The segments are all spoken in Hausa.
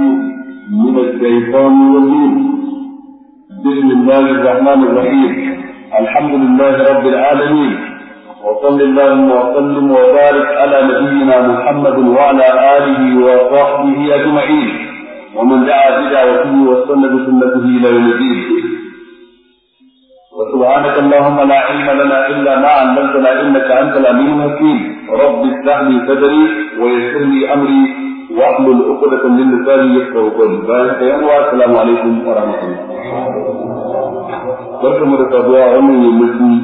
من الشيطان الرجيم بسم الله الرحمن الرحيم الحمد لله رب العالمين وصل اللهم وسلم وبارك على نبينا محمد وعلى اله وصحبه اجمعين ومن دعا بدعوته وسن بسنته الى يوم الدين وسبحانك اللهم لا علم لنا الا ما علمتنا انك انت الامين الحكيم رب اشرح لي صدري ويسر لي امري واحلل عقدة من لساني يفقه قولي بارك يا الله السلام عليكم ورحمة الله ورحمة الله ورحمة الله ورحمة الله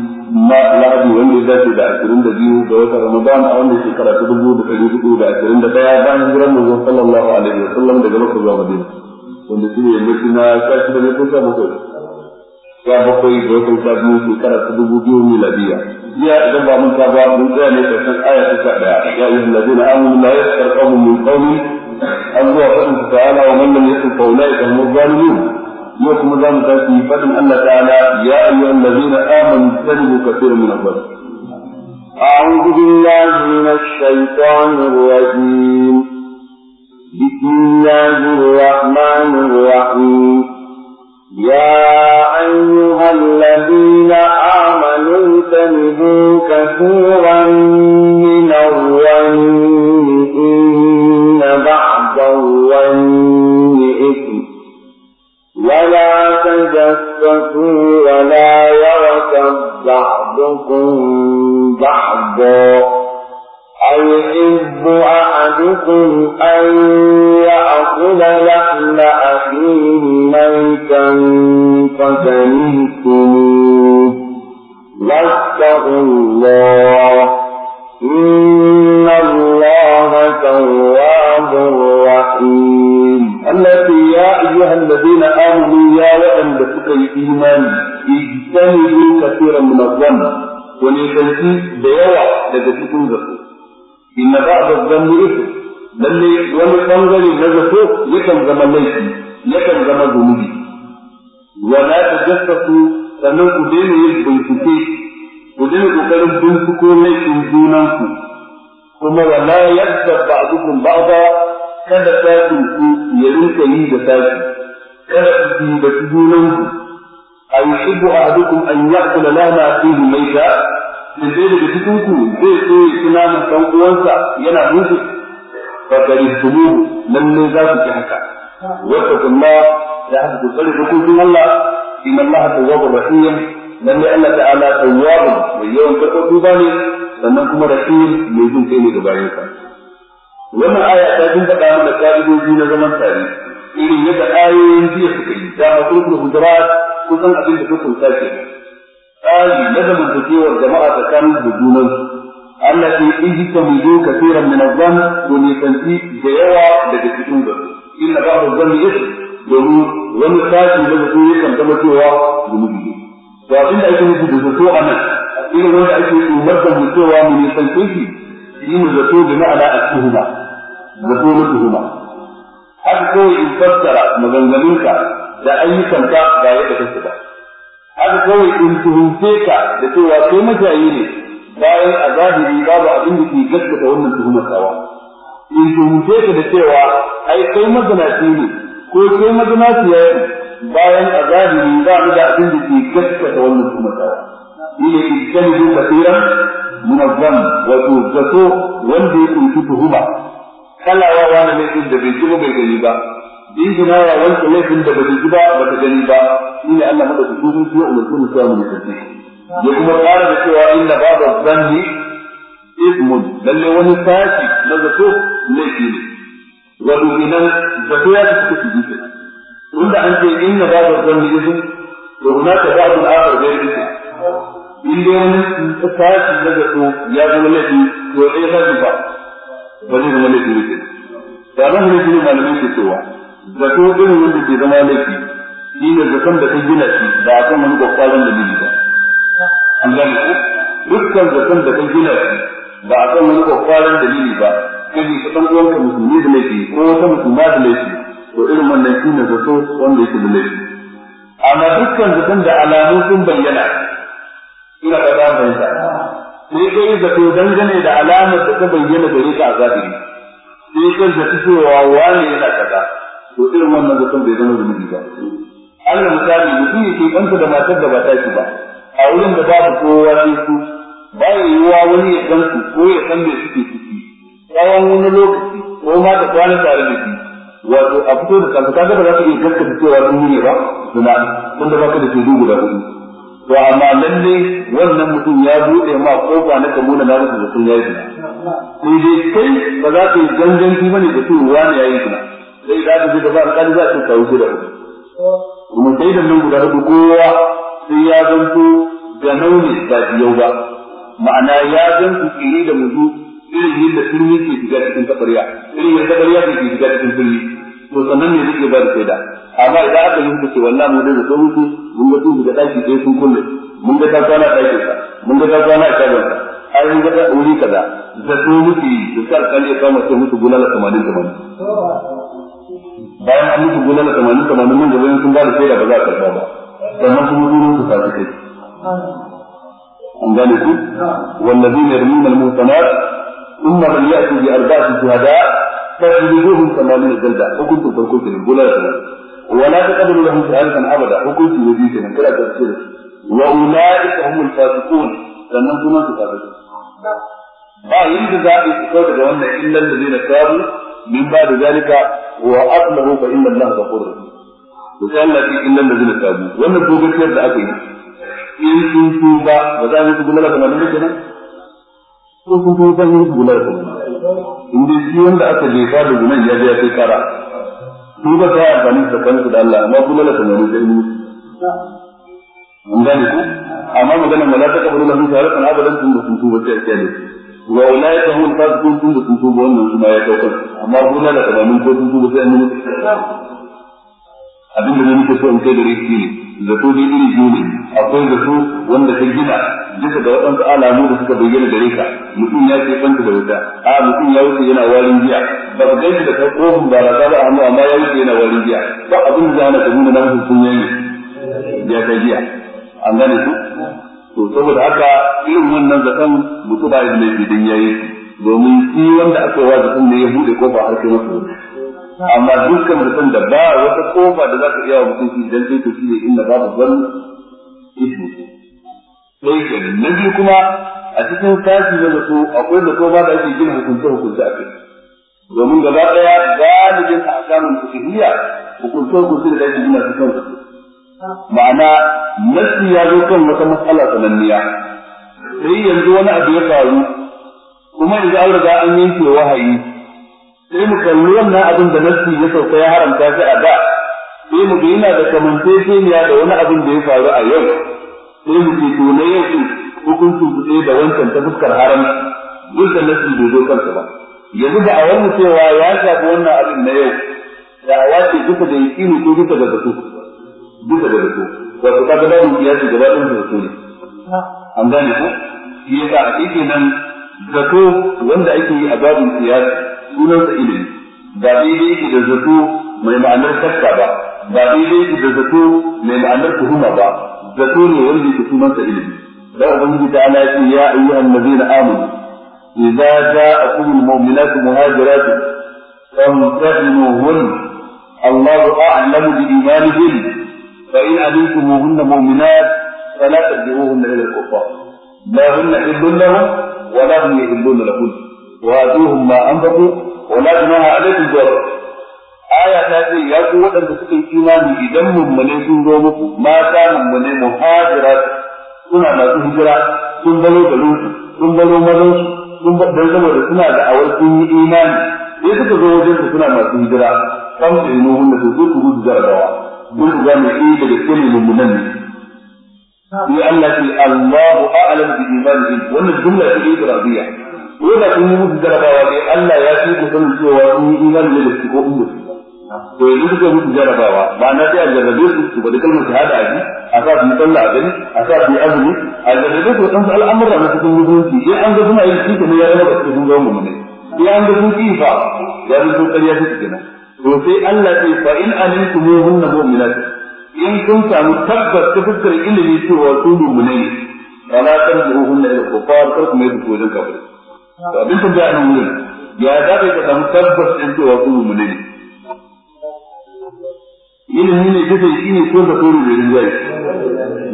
ما لعبي وين ذاك إذا أكرم دبيه دوت رمضان أو من شكر تدبو دخلوا دبو إذا أكرم دبيا دان غرام صلى الله عليه وسلم دجلوك الله مدين ونسيني المسينا كاتب المسينا مسوي ya bakwai ga watan sha biyu shekara ta dubu biyu miladiya ya idan ba mun ba mun tsaya ne karshen aya ta sha daya ya yi na amanu la yaskar mu mun qawmin an zuwa faɗin fadin ta'ala wa man lam yakun qawlai fa hum zalimun yau kuma za mu tashi fadin Allah ta'ala ya yi ayyuhal ladina amanu mu ka min al-dhunub أعوذ بالله من الشيطان الرجيم بسم الله الرحمن الرحيم يا أيها الذين آمنوا اجتنبوا كثيرا من الظن إن بعض الظن إثم ولا تجسسوا ولا يركب بعضكم بعضا أيحب أحدكم أن يأكل لحم أخيه ميتا فكرهتموه واتقوا الله إن الله تواب رحيم التي يا أيها الذين آمنوا يا وأن لتقي إيمان اجتنبوا كثيرا من الظن ونيتنسي بيوع لتكتون ذكر inna ba'da dhanni ithm lalle wani bangare na zato yakan zama laifi yakan zama zunubi wa la tajassasu sannan ku daina yin bincike ku daina kokarin binciko laifin junanku kuma wa la yadda ba'dukum ba'da kada ta ku ya rinka yi da sakin kada ku yi da junanku a yuhibbu ahadukum an ya'kula lana fihi maita in dai daga cikin ku zai so ya kina nan dan uwansa yana rufe fakari nan lalle za ku ci haka wata kuma da haka ku tsare hukuncin Allah inna Allah tawwabur rahim lalle Allah ta'ala tawwabun mai yawan karɓar duba ne sannan kuma rahim mai jin kai ne ga ka. wannan aya ta jin faɗa da ka'idoji na zaman tare irin yadda ayoyin jiya suka yi da hukumar hujurat kusan abin da kuka kunta kenan tsari na zamantakewar jama'a tsakanin da junan Allah ke iji ka mu zo kasiran min azan to ne santi da yawa daga cikin zato inna ba'd azan yake domin wani sashi na zato yakan zama cewa zunubi ne to abin da ake nufi da zato a nan irin wanda ake umarta mu cewa mu ne santi shi yin zato da ma'ana a tuhuma zato na tuhuma har kawai in fassara maganganunka da ayyukanka ba yadda kake ba haka kawai in tuhumce ka da cewa kai majayi ne bayan a zahiri babu abin da ke gaskata wannan tuhumar tawa in tuhumce ka da cewa ai kai mazinaci ne ko kai mazinaciya ne bayan a zahiri ba mu da abin da ke gaskata wannan tuhumar tawa shi ne in kani zo kasiran munazzam wato zato wanda ya kunshi tuhuma kalawa wani laifin da bai ci ba bai gani ba jinjina ya wanke laifin da bai ji ba ba ta gani ba shi Allah mada su sun ciwo umarci mu ciwo mu tafi ya kuma ƙara da cewa inna babu zanni lalle wani sashi na laifi ne wato idan zato ya tafi su ji inda an ce inna babu zanni ismun to hunaka babu al'adar da ya tafi in dai wani sashi na zato ya zama laifi to ya sashi ba ba zai zama laifi ne da nan ne malamai ke cewa zato irin wanda ke zama laifi shi ne zaton da ka gina shi ba a kan wani gwakwarin da biyu ba an gane dukkan zaton da ka gina shi ba a kan wani gwakwarin da biyu ba kaji ka san uwanka musulmi da laifi ko wata musulma da laifi to irin wannan shi ne zato wanda yake da laifi amma dukkan zaton da alamu sun bayyana ina ka zama bayyana sai kai zato dangane da alamar da ta bayyana gare ka a zahiri sai kai zato cewa wane yana kaza to irin wannan zaton bai zama zunubi ba Allah misali mutum yake kanta da matar da ba ta shi ba a wurin da babu kowa sai su ba ya yi wa wani ya san su ko ya san me suke ciki tsawon wani lokaci ko ma da kwana tare da shi wato a fito da kanta kaga ba za ka iya da cewa sun ne ba zuma tunda ba ka da shaidu guda hudu to amma lalle wannan mutum ya buɗe ma kofa na kamuna na rufe da sun yayi zina sai dai kai ba za ka yi ganganci bane da cewa wani yayi kuma. zai da aka gaba alƙali za a ce kawo shida kuma sai da nan guda hudu kowa sai ya zanto ga nauni ba biyau ba ma'ana ya zanto tsiri da mutu irin yadda turmi ke shiga cikin tabarya irin yadda tabarya ke shiga cikin turmi to sannan ne zai ba da shaida amma idan aka yi hukunci wallahi mu dai da sauran mun ga tuhu da ɗaki sai sun kulle mun ga ta kwana dakin sa mun ga ta kwana a shagon sa an yi ga wuri kaza da su muke da sa alƙali ya kama sai musu bulala samanin 80 bayan an musu gona da tamanin tamanin nan gaba sun ba da shaida ba za a karba ba sannan kuma sunan su tafi kai an gane ku wallazina yarmuna al-muhsanat ثم من يأتي بأربعة شهداء فاجلدوهم ثمانين جلدة وكنتم فرقوا في الجولة ولا تقبلوا لهم شهادة أبدا وكنتم يزيدنا كلا تفسير وأولئك هم الفاسقون sannan sunan su tafi ba yin da zaɓi su kawai daga wannan illan da zai na tabu min ba da zalika wa aslahu fa inna allaha ghafurur rahim to sai Allah ya inna allazina tabu wannan dogon da aka yi in sun tuba ba za mu tuba da kamar ne kenan ko kun tuba ba mu tuba da kamar in dai shi wanda aka jefa da gunan ya ya kai kara tuba ta amfani da kansu da Allah amma kuma la kamar ne mun gane ku amma maganar malaka kabarin lahu ta'ala kana abadan tun da kun tuba sai ya kai wa ulai ka hum fasiqun tun da tuso ba wannan kuma ya daukar amma gona da kalamin ko tuso ba sai an yi abin da nake so in kai gare shi ne zato ne iri biyu ne akwai zato wanda ka gina duka da waɗansu alamu da suka bayyana gare ka mutum ya ce fanta da wuta a mutum ya wuce yana warin giya ba ka gani da kai kofin ba da ba a hannu amma ya wuce yana warin jiya ba abin da za a na ka nuna na sun yayi ya kai jiya an gane su to saboda haka irin wannan zakan mutu ba idan laifi din yayi domin shi wanda aka yi zakan ne ya buɗe kofa har kai masu amma dukkan mutum da ba wata kofa da za ka iya wa mutum shi idan sai to shi ne inda ka zan ismi sai ke nan biyu kuma a cikin sashi na zato akwai zato ba da ake gina hukunce hukunce a kai domin gaba ɗaya galibin samun fiqhiyya hukunce hukunce da ake gina su kan zato ma'ana nasi ya zo kan wata matsala sananniya sai yanzu wani abu ya faru kuma yanzu an riga an yanke wahayi sai mu kalli wannan abin da nasi ya sauka ya haramta shi a da sai mu ga yana da kamantaceniya da wani abin da ya faru a yau sai mu ce to na yau hukuncin su da wancan ta fuskar haram duk da nasi bai zo kansa ba yanzu da a wani cewa ya shafi wannan abin na yau da a wace duka da yaƙini ko duka da zato duka da riko wato kaga da mu kiyasi gaba ɗin da riko ne an gane ko shi yasa a cikin nan zato wanda ake yi a babin kiyasi sunan sa ilimi ba daidai yake da zato mai ma'anar shakka ba ba daidai yake da zato mai ma'anar tuhuma ba zato ne wanda yake sunan sa ilimi da ubangiji ta ala ya ayyuhan ladina amanu إذا جاءكم المؤمنات مهاجرات فامتحنوهن الله أعلم بإيمانهن فإن علمتموهن مؤمنات فلا ترجعوهن إلى الكفار لا هن حل لهم ولا هم يحلون لكم وآتوهم ما أنفقوا ولا جناح عليكم جرى aya ta ce ya ku waɗanda suka yi imani idan mummune sun zo muku mata mummune muhajira suna masu hijira sun balo garin sun balo mazan sun dan saboda suna da awar sun yi imani sai suka zo wajen suna masu hijira kan da yi da su zo su gudu jarabawa mun riga mu yi daga cikin mummunan ne sai Allah ce Allahu a'lam bi imanihi wannan jumla ce ibrahimiyya ko da kun yi musu jarabawa dai Allah ya ce ku sanin cewa kun yi imani ne da shi ko ummu to yanzu kuka musu jarabawa ba na sai a jarrabe su su bada kalmar shahada a ji a sa su sallah a gani a sa su yi azumi a jarrabe su wadansu al'amura na cikin musulunci sai an ga suna yin shi ne ya ba su sun mu ne sai an ga sun fa ya zama karya su kenan to sai Allah ce fa in alimtumuhunna mu'minatun in kun samu tabbas ta fuskar ilimi wa su ala ne fala tarjuhunna ila kufar ko kuma yadda wajen kafir to abin da ya nan ya ya za ka samu tabbas din wa su mu'mine ne ilimi ne kace shi ne ko da tsoro ne rinjaye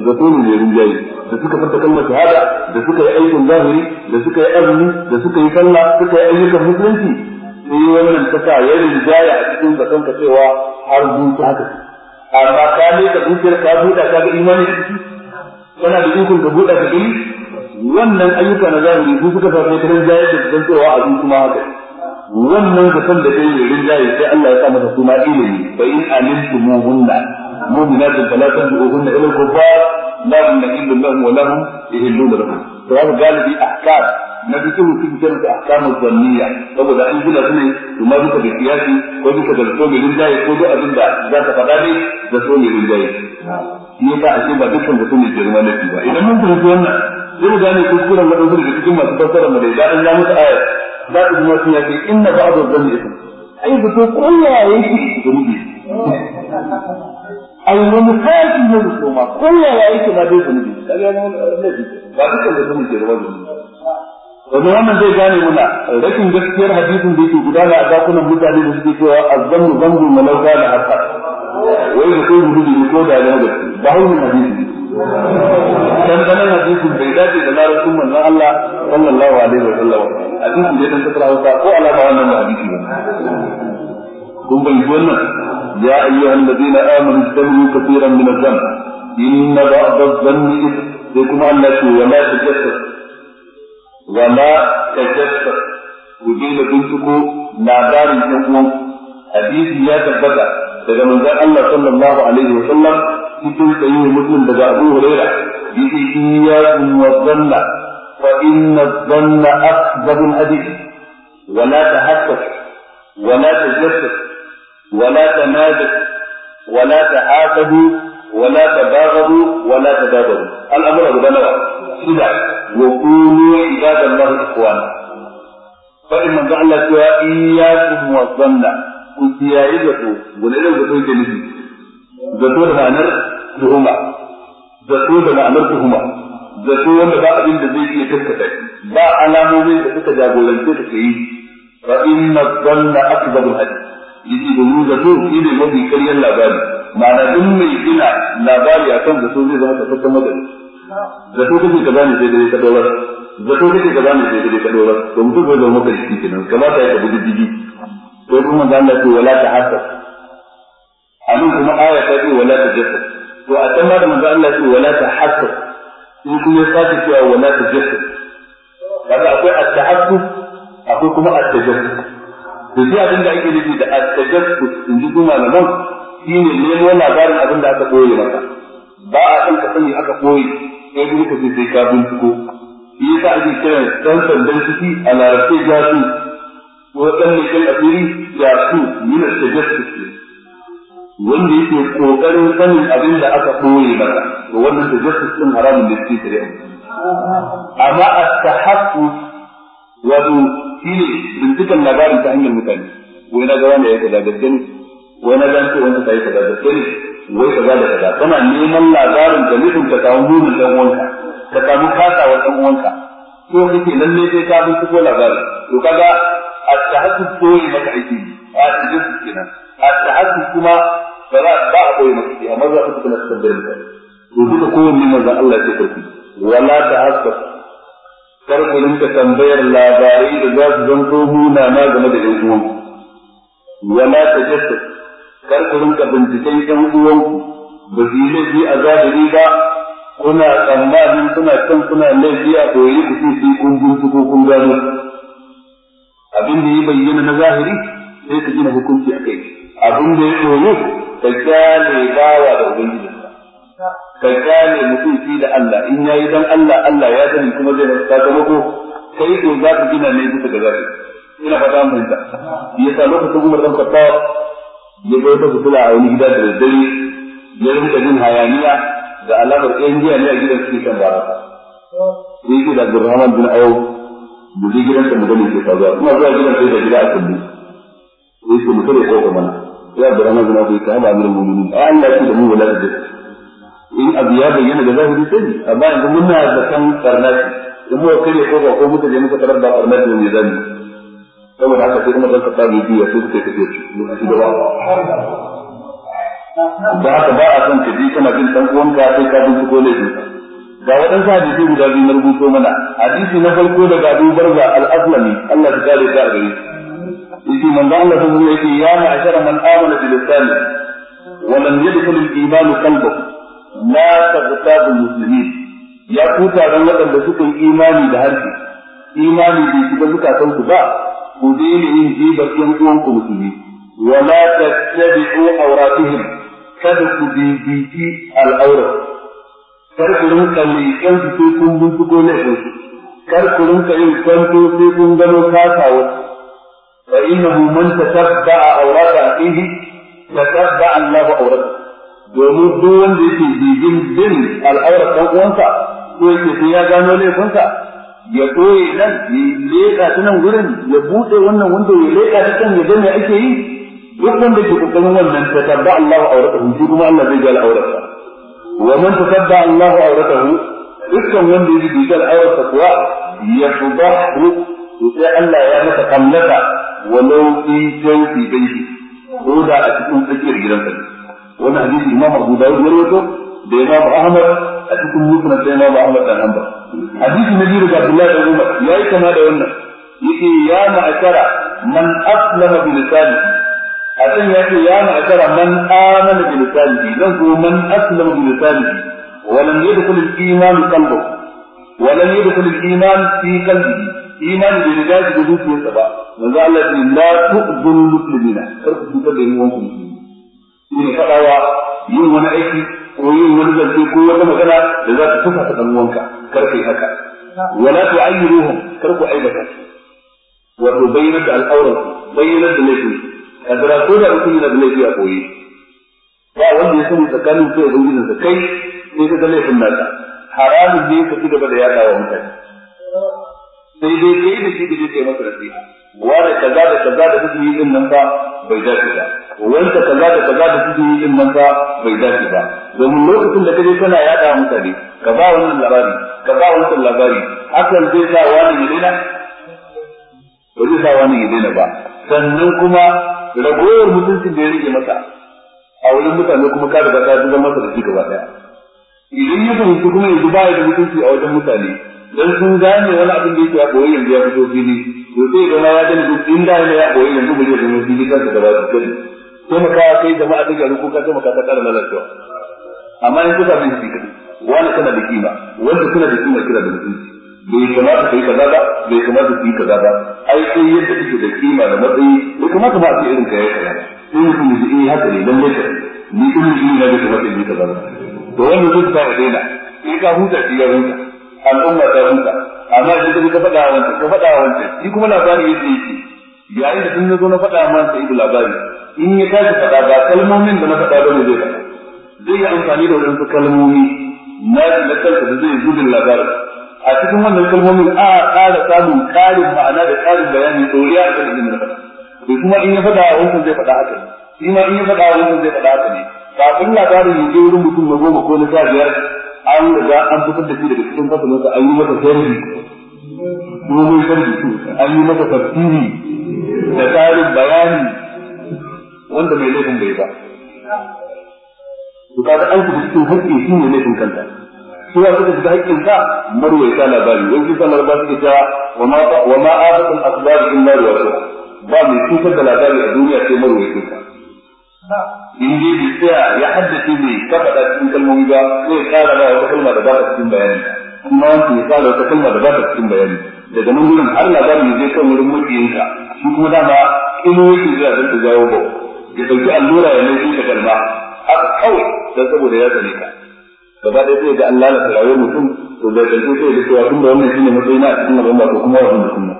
da tsoro ne rinjaye da suka fata kalmar shahada da suka yi aikin zahiri da suka yi azumi da suka yi sallah suka yi ayyukan musulunci Yi wannan ta sa ya rinjaya a cikin zaton ka cewa har duka haka amma ka ne ka dukiyar ka buɗa ka ga imani da ciki kana da ikon ka buɗa ka gani wannan ayyuka na zahiri su suka sa sai ka rinjaya da zaton cewa a duka kuma haka wannan zaton da kai rinjaye sai Allah ya sa masa suna ilimi fa in alimtumuhunna mu'minatin fala tabi'uhunna ila al-kuffar lahum nahillu lahum wa lahum yahilluna lahum to haka galibi ahkam na duk su su fitar da ahkamu zanniya saboda an gina su ma duka da kiyasi ko duka da so mai rinjaye ko duk abin da za ka faɗa ne da so mai rinjaye shi yasa a ce ba dukkan da so mai girma na ba idan mun fahimci wannan sai mu gane kuskuren waɗansu da cikin masu fassara mu da idan an ja musu ayar za su ji masu inna zanni ai da shi ba dukkan da domin wannan zai gane mana rashin gaskiyar hadisin da yake gudana a dakunan mutane da suke cewa azzannu zanzu malauka da haka wai da kai gudu ne ko da ne ba haunin hadisi dandanan hadisin bai dace da larabcin manzon Allah sallallahu alaihi wa sallam hadisin da dan kasara hausa ko alama wannan hadisi ne kun bai wannan ya ayyuhal ladina amanu tabu kaseeran min adh-dhanb inna ba'd adh-dhanbi kuma Allah ce wala tajassasu وما تجسس ودين بنتك نادار الحكم حديث لا تثبت إذا من قال الله صلى الله عليه وسلم كتب سيد مسلم بدا ابو هريره بإياكم اياكم والظن فان الظن اكذب الحديث ولا تهتف ولا تجسس ولا تنادر ولا تحاسدوا ولا تباغضوا ولا تدابروا الامر هذا نوع وقولوا عباد الله اخوانا فإن بعد الله إياكم وظننا قلت يا إذاكو قل إذا بطول جنسي بطول هانر لهما بطول دم أمر بطول أن بقى بين يتكتك با على مومن تكتك يا قولن فإن الظن أكبر هد يجي بلو بطول إذا مضي كري الله بالي معنى دمي إلا لا بالي أكام بطول إذا ما تكتك مدري zato kake kaza ne sai dai ka dorar zato kake kaza ne sai dai ka dorar to mutum bai zama kai shi kenan kamata ya tabi diddigi to kuma manzo Allah ce wala ta hasa anan kuma aya ta ce wala ta jasa to a can ma da manzo Allah ce wala ta hasa in kuma ya sake cewa wala ta jasa kaga akwai at-tahassu akwai kuma at-tajassus to sai abin da ake nufi da at-tajassus in ji malaman shine nemo labarin abin da aka koyi maka ba a san ka sani aka koyi sai duk ka zai ka binciko shi yasa ake kira dan sandan ciki a larabce su ko dan ne kan asiri jasu yana tajassus wanda yake kokarin sanin abin da aka koyi maka to wannan tajassus din haramun da shi kare amma at-tahaqqu wa shi ne bincikan labarin ta hanyar mutane wai na ga wanda ya da gaddan ne wai na ga wanda ta yi gaddan wai kaza da kaza kana neman labarin da nufin ta samu munin dan uwanka ka samu wa dan uwanka ko kake lalle sai ka bi ko labari to kaga at-tahassub koyi maka aiki a cikin kenan at-tahassub kuma ba za ba a koyi maka aiki amma za ka kuma tambayar ka to duka kowanne manzo Allah ya tafi wala ta tahassub kar ku rinka tambayar labarai da za su zanto muna na game da yan uwanku wala tajassus kar ku rinka binciken ɗan uwanku ba su yi laifi a zahiri ba kuna tsammanin kuna can kuna laifi a koyi ku ce sai kun binciko kun gano abin da ya bayyana na zahiri sai ka gina hukunci a kai abin da ya koyi ka kyale bawa da ubangiji ka kyale mutum da Allah in yayi dan Allah Allah ya sani kuma zai rasa sakamako kai to za ka gina ne bisa ga zahiri ina fata mun ta yasa lokacin Umar dan Khattab ya ga wata fitila a wani gida da daddare ya rika jin hayaniya da alamar ɗayan giya ne a gidan suke kan barasa sai da Abdulrahman bin Ayo da zai gidan sa mutane ke faruwa kuma zuwa gidan sai da gida a kullu sai su mutane ko kuma ya Abdulrahman bin Ayyub ka haɗa amirul mu'minin ai Allah ya ce da mu wala da in abu ya bayyana da zahiri sai amma yanzu muna da kan karnati in muka kare ko ba ko muka je muka tarar da karnati ne zai saboda haka sai kuma dan ka tsare ya sai suka tafi su da ba da haka ba a son ka ji kana jin dan uwanka sai ka bin ko laifin ga waɗansu hadisi guda biyu na rubuto mana hadisi na farko daga Abu Barza al-Aslami Allah ta kare ka gare yake manzo Allah sun zo yake ya ma'ashara man amana bil lisan wa lam yadkhul al-iman qalbahu la tagtabu muslimin ya ku taron waɗanda suka yi imani da harshe imani bai shiga zukatan ku ba ku bi ni in jibar yan uwanku musulmi wala tattabi'u awratihim kada ku bibiki al'aurar kar ku rinka leƙen su sai kun binciko laifin su kar ku rinka yin kwanto sai kun gano domin duk wanda yake bibin bin al'aurar ɗan uwansa ko yake ya gano laifinsa ya ɗoye nan ya leƙa ta nan wurin ya buɗe wannan wanda ya leƙa ta can ya ga me ake yi duk wanda ke kokarin wannan ta tabba Allahu auratahu shi kuma Allah zai ga al'aurarsa wa man tabba Allahu auratahu dukkan wanda ya ji ga kuwa ya fudahu to sai Allah ya masa kallata walau fi jawfi baiti ko da a cikin tsakiyar sa wannan hadisi Imam Abu Dawud ya rawaito da Imam Ahmad a cikin musulun da imam Ahmad dan Hanbal hadisi na biyu daga Abdullah da Umar yi kama da wannan yake ya ma'ashara man aslama bi lisani a can ya ce ya ma'ashara man amana bi lisani zan ko man aslama bi lisani ولم يدخل الإيمان قلبه ولم يدخل الإيمان في قلبه إيمان بلداد بذوك يسبع وذا الذي لا تؤذن المسلمين ترك في قلبه وانتم المسلمين إن فقوا wani aiki. ko yin wani zance ko wata magana da za ta tufa ta dan wanka kar kai haka wala tu'ayyiruhum kar ku aibata wato bayyana da al'auran bayyana da laifin kadara ko da mutum yana da laifi a koyi ba wanda ya sani tsakanin kai da wujin sa kai sai ka ga laifin naka haramun ne ka ci gaba da yaɗa wa mutane sai dai kai da shi da je kai masa nasiha wa da kaza da kaza da kake yi din nan ba bai dace ba wanda kaza da kaza da suke yi din masa bai dace ba domin lokacin da kaje kana yada mutane ka ba wannan labari ka ba wannan labari hakan zai sa wani ya daina ba zai sa wani ya daina ba sannan kuma ragowar mutuncin da ya rike masa a wurin mutane kuma ka riga ka zama masa da shi gaba daya idan ya fahimci kuma ya zuba da mutunci a wajen mutane dan sun gane wani abin da yake a koyi yanzu ya fito fili to sai ga ma ya gani duk inda ya koyi yanzu bai zama mutunci kansa gaba da kai taimakawa kai jama'a ta gari ko ka taimaka ta ƙara lalacewa amma in kuka bin shi kadai wani kana da kima wanda kana da kima kira da mutunci bai kamata kai kaza ba bai kamata kai kaza ba ai sai yadda kake da kima da matsayi bai kamata ba a ce irin kai kaza in mutum ya ji eh, haka ne dan lafiya ni in ji na da kamata in kaza ba to wannan zai ta daina in ka huta shi ya huta al'umma ta huta amma idan ka faɗa wancan ka faɗa wancan shi kuma labarin yadda yake yayin da tun zo na faɗa man sai labari in ya kasa faɗa ba kalmomin da na faɗa ne zai faɗa zai yi amfani da waɗansu kalmomi na da kansa da zai gudun labarin a cikin wannan kalmomin a ƙara samun ƙarin ma'ana da ƙarin bayani ɗoriya a kan ilimin faɗa to kuma in ya faɗa a wancan zai faɗa haka ne shi ma in ya faɗa a wancan zai faɗa haka ne kafin labarin ya je wurin mutum na goma ko na sha biyar an riga an fitar da shi daga cikin fasalinsa an yi masa sharri domin su an yi masa tafsiri da tarin bayani wanda mai laifin bai ba duka da an shiga cikin haƙƙi shi ne laifin kanta shi ya suka shiga haƙƙin ka marwai ta labari wani kisa na ba ta cewa wa ma asibari in marwa ruwatu ba mai cutar da labari a duniya sai marwai ta in dai bi tsaya ya haddace ka faɗa cikin kalmomi ba zai ƙara ba wata kalma da ba ta cikin bayani kuma wancan ya ƙara wata kalma da ba ta cikin bayani daga nan wurin har labarin zai kan wurin mutiyinka shi kuma dama ilo yake zuwa don ta jawo ba. ya allura ya mai duka garba a kawai dan saboda ya tsare ka gaba ɗaya sai ga Allah lalata rayuwar mutum to da kanto sai da cewa tun da wannan shine matsayi na cikin al'umma to kuma wannan kuma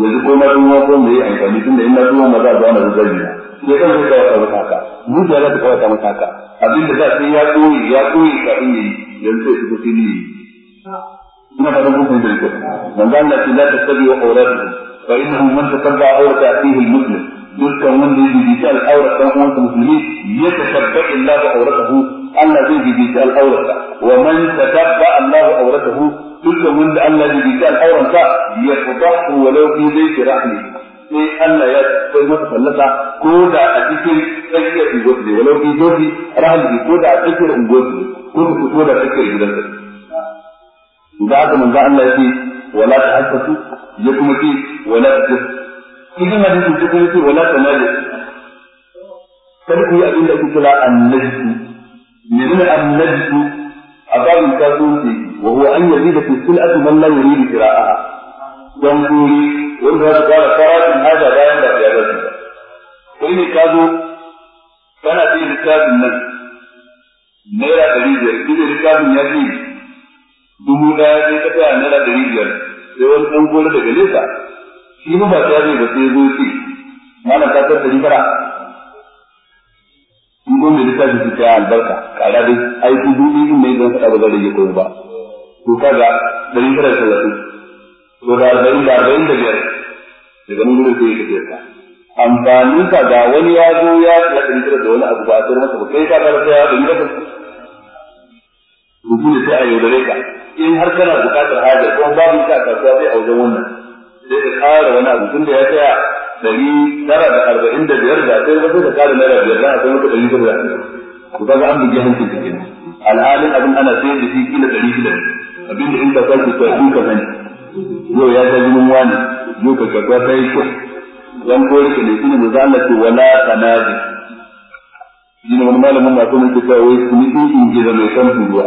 yanzu ko na tun wato da yi amfani tun da ina tuwa maza da wannan zazzabi ya kan zai kawata mata haka zuciya za ta kawata ta haka abinda da sai ya koyi ya koyi kafin yayi yanzu sai fito fili yayi ina fatan kun fahimta ko manzo Allah ce la tattabi'u awratukum fa innahu man tatabba'a awrata akhihi al-muslim dukkan wanda ya bibici al'aurar dan uwansa musulmi ya tashabba illa auratahu Allah zai bibici al'aurarsa wa man tashabba Allah auratahu dukkan wanda Allah ya bibici al'aurarsa ya fadahu walau fi baiti rahmi sai Allah ya kai masa fallasa ko da a cikin tsakiyar unguwarsa ne walau fi zofi rahmi ko da a tsakiyar unguwarsa ne ko da ko da tsakiyar gidansa da aka manzo Allah ya ce wala ta'assasu ya kuma ce wala ta'assasu cikin hadisin duk wani ce wala tanaje kada ku yi abin da ake kira annabi menene annabi a babin kasuwanci wa huwa an yazida fi sil'ati man la yuridu qira'aha dan guri wanda ya fara karatun hada bayan da ya gaza kai ne ka zo kana cikin littafin nan naira dari biyar cikin littafin ya fi dubu ɗaya sai ka tsaya naira dari biyar sai wani ɗan gole daga nesa shi ba ta zai ba sai zo ce mana ta ta tari fara in gun da littafi su ta albarka kara dai ai ku dubi in mai zan faɗa ba zai rage ba to kaga dari fara ta wasu to da arba'in da arba'in da biyar daga nan gudun sai ya tafiya ta amfanin ka da wani ya zo ya tsira dari fara da wani abu ba a tsar masa ba kai ka karfa ya dari fara mutum da sai a yaudare ka in har kana bukatar hajar ko babu ka kasuwa sai a wajen wannan sai ya kara wani abu tun da ya tsaya dari tara da arba'in da biyar da sai wasu da kara naira biyar dan sai maka dari da biyar ku ga an buge hankali da kenan alhalin abin ana sayar da shi kila dari shida abinda in ka sake to in ka sani yau ya ta jinin wani yau ka kaga ta yi kyau yan kori ka ne shine mu zalatu wala tanaji ne wani malamin masu mun ke kawai su ni in in ji da mai san ruwa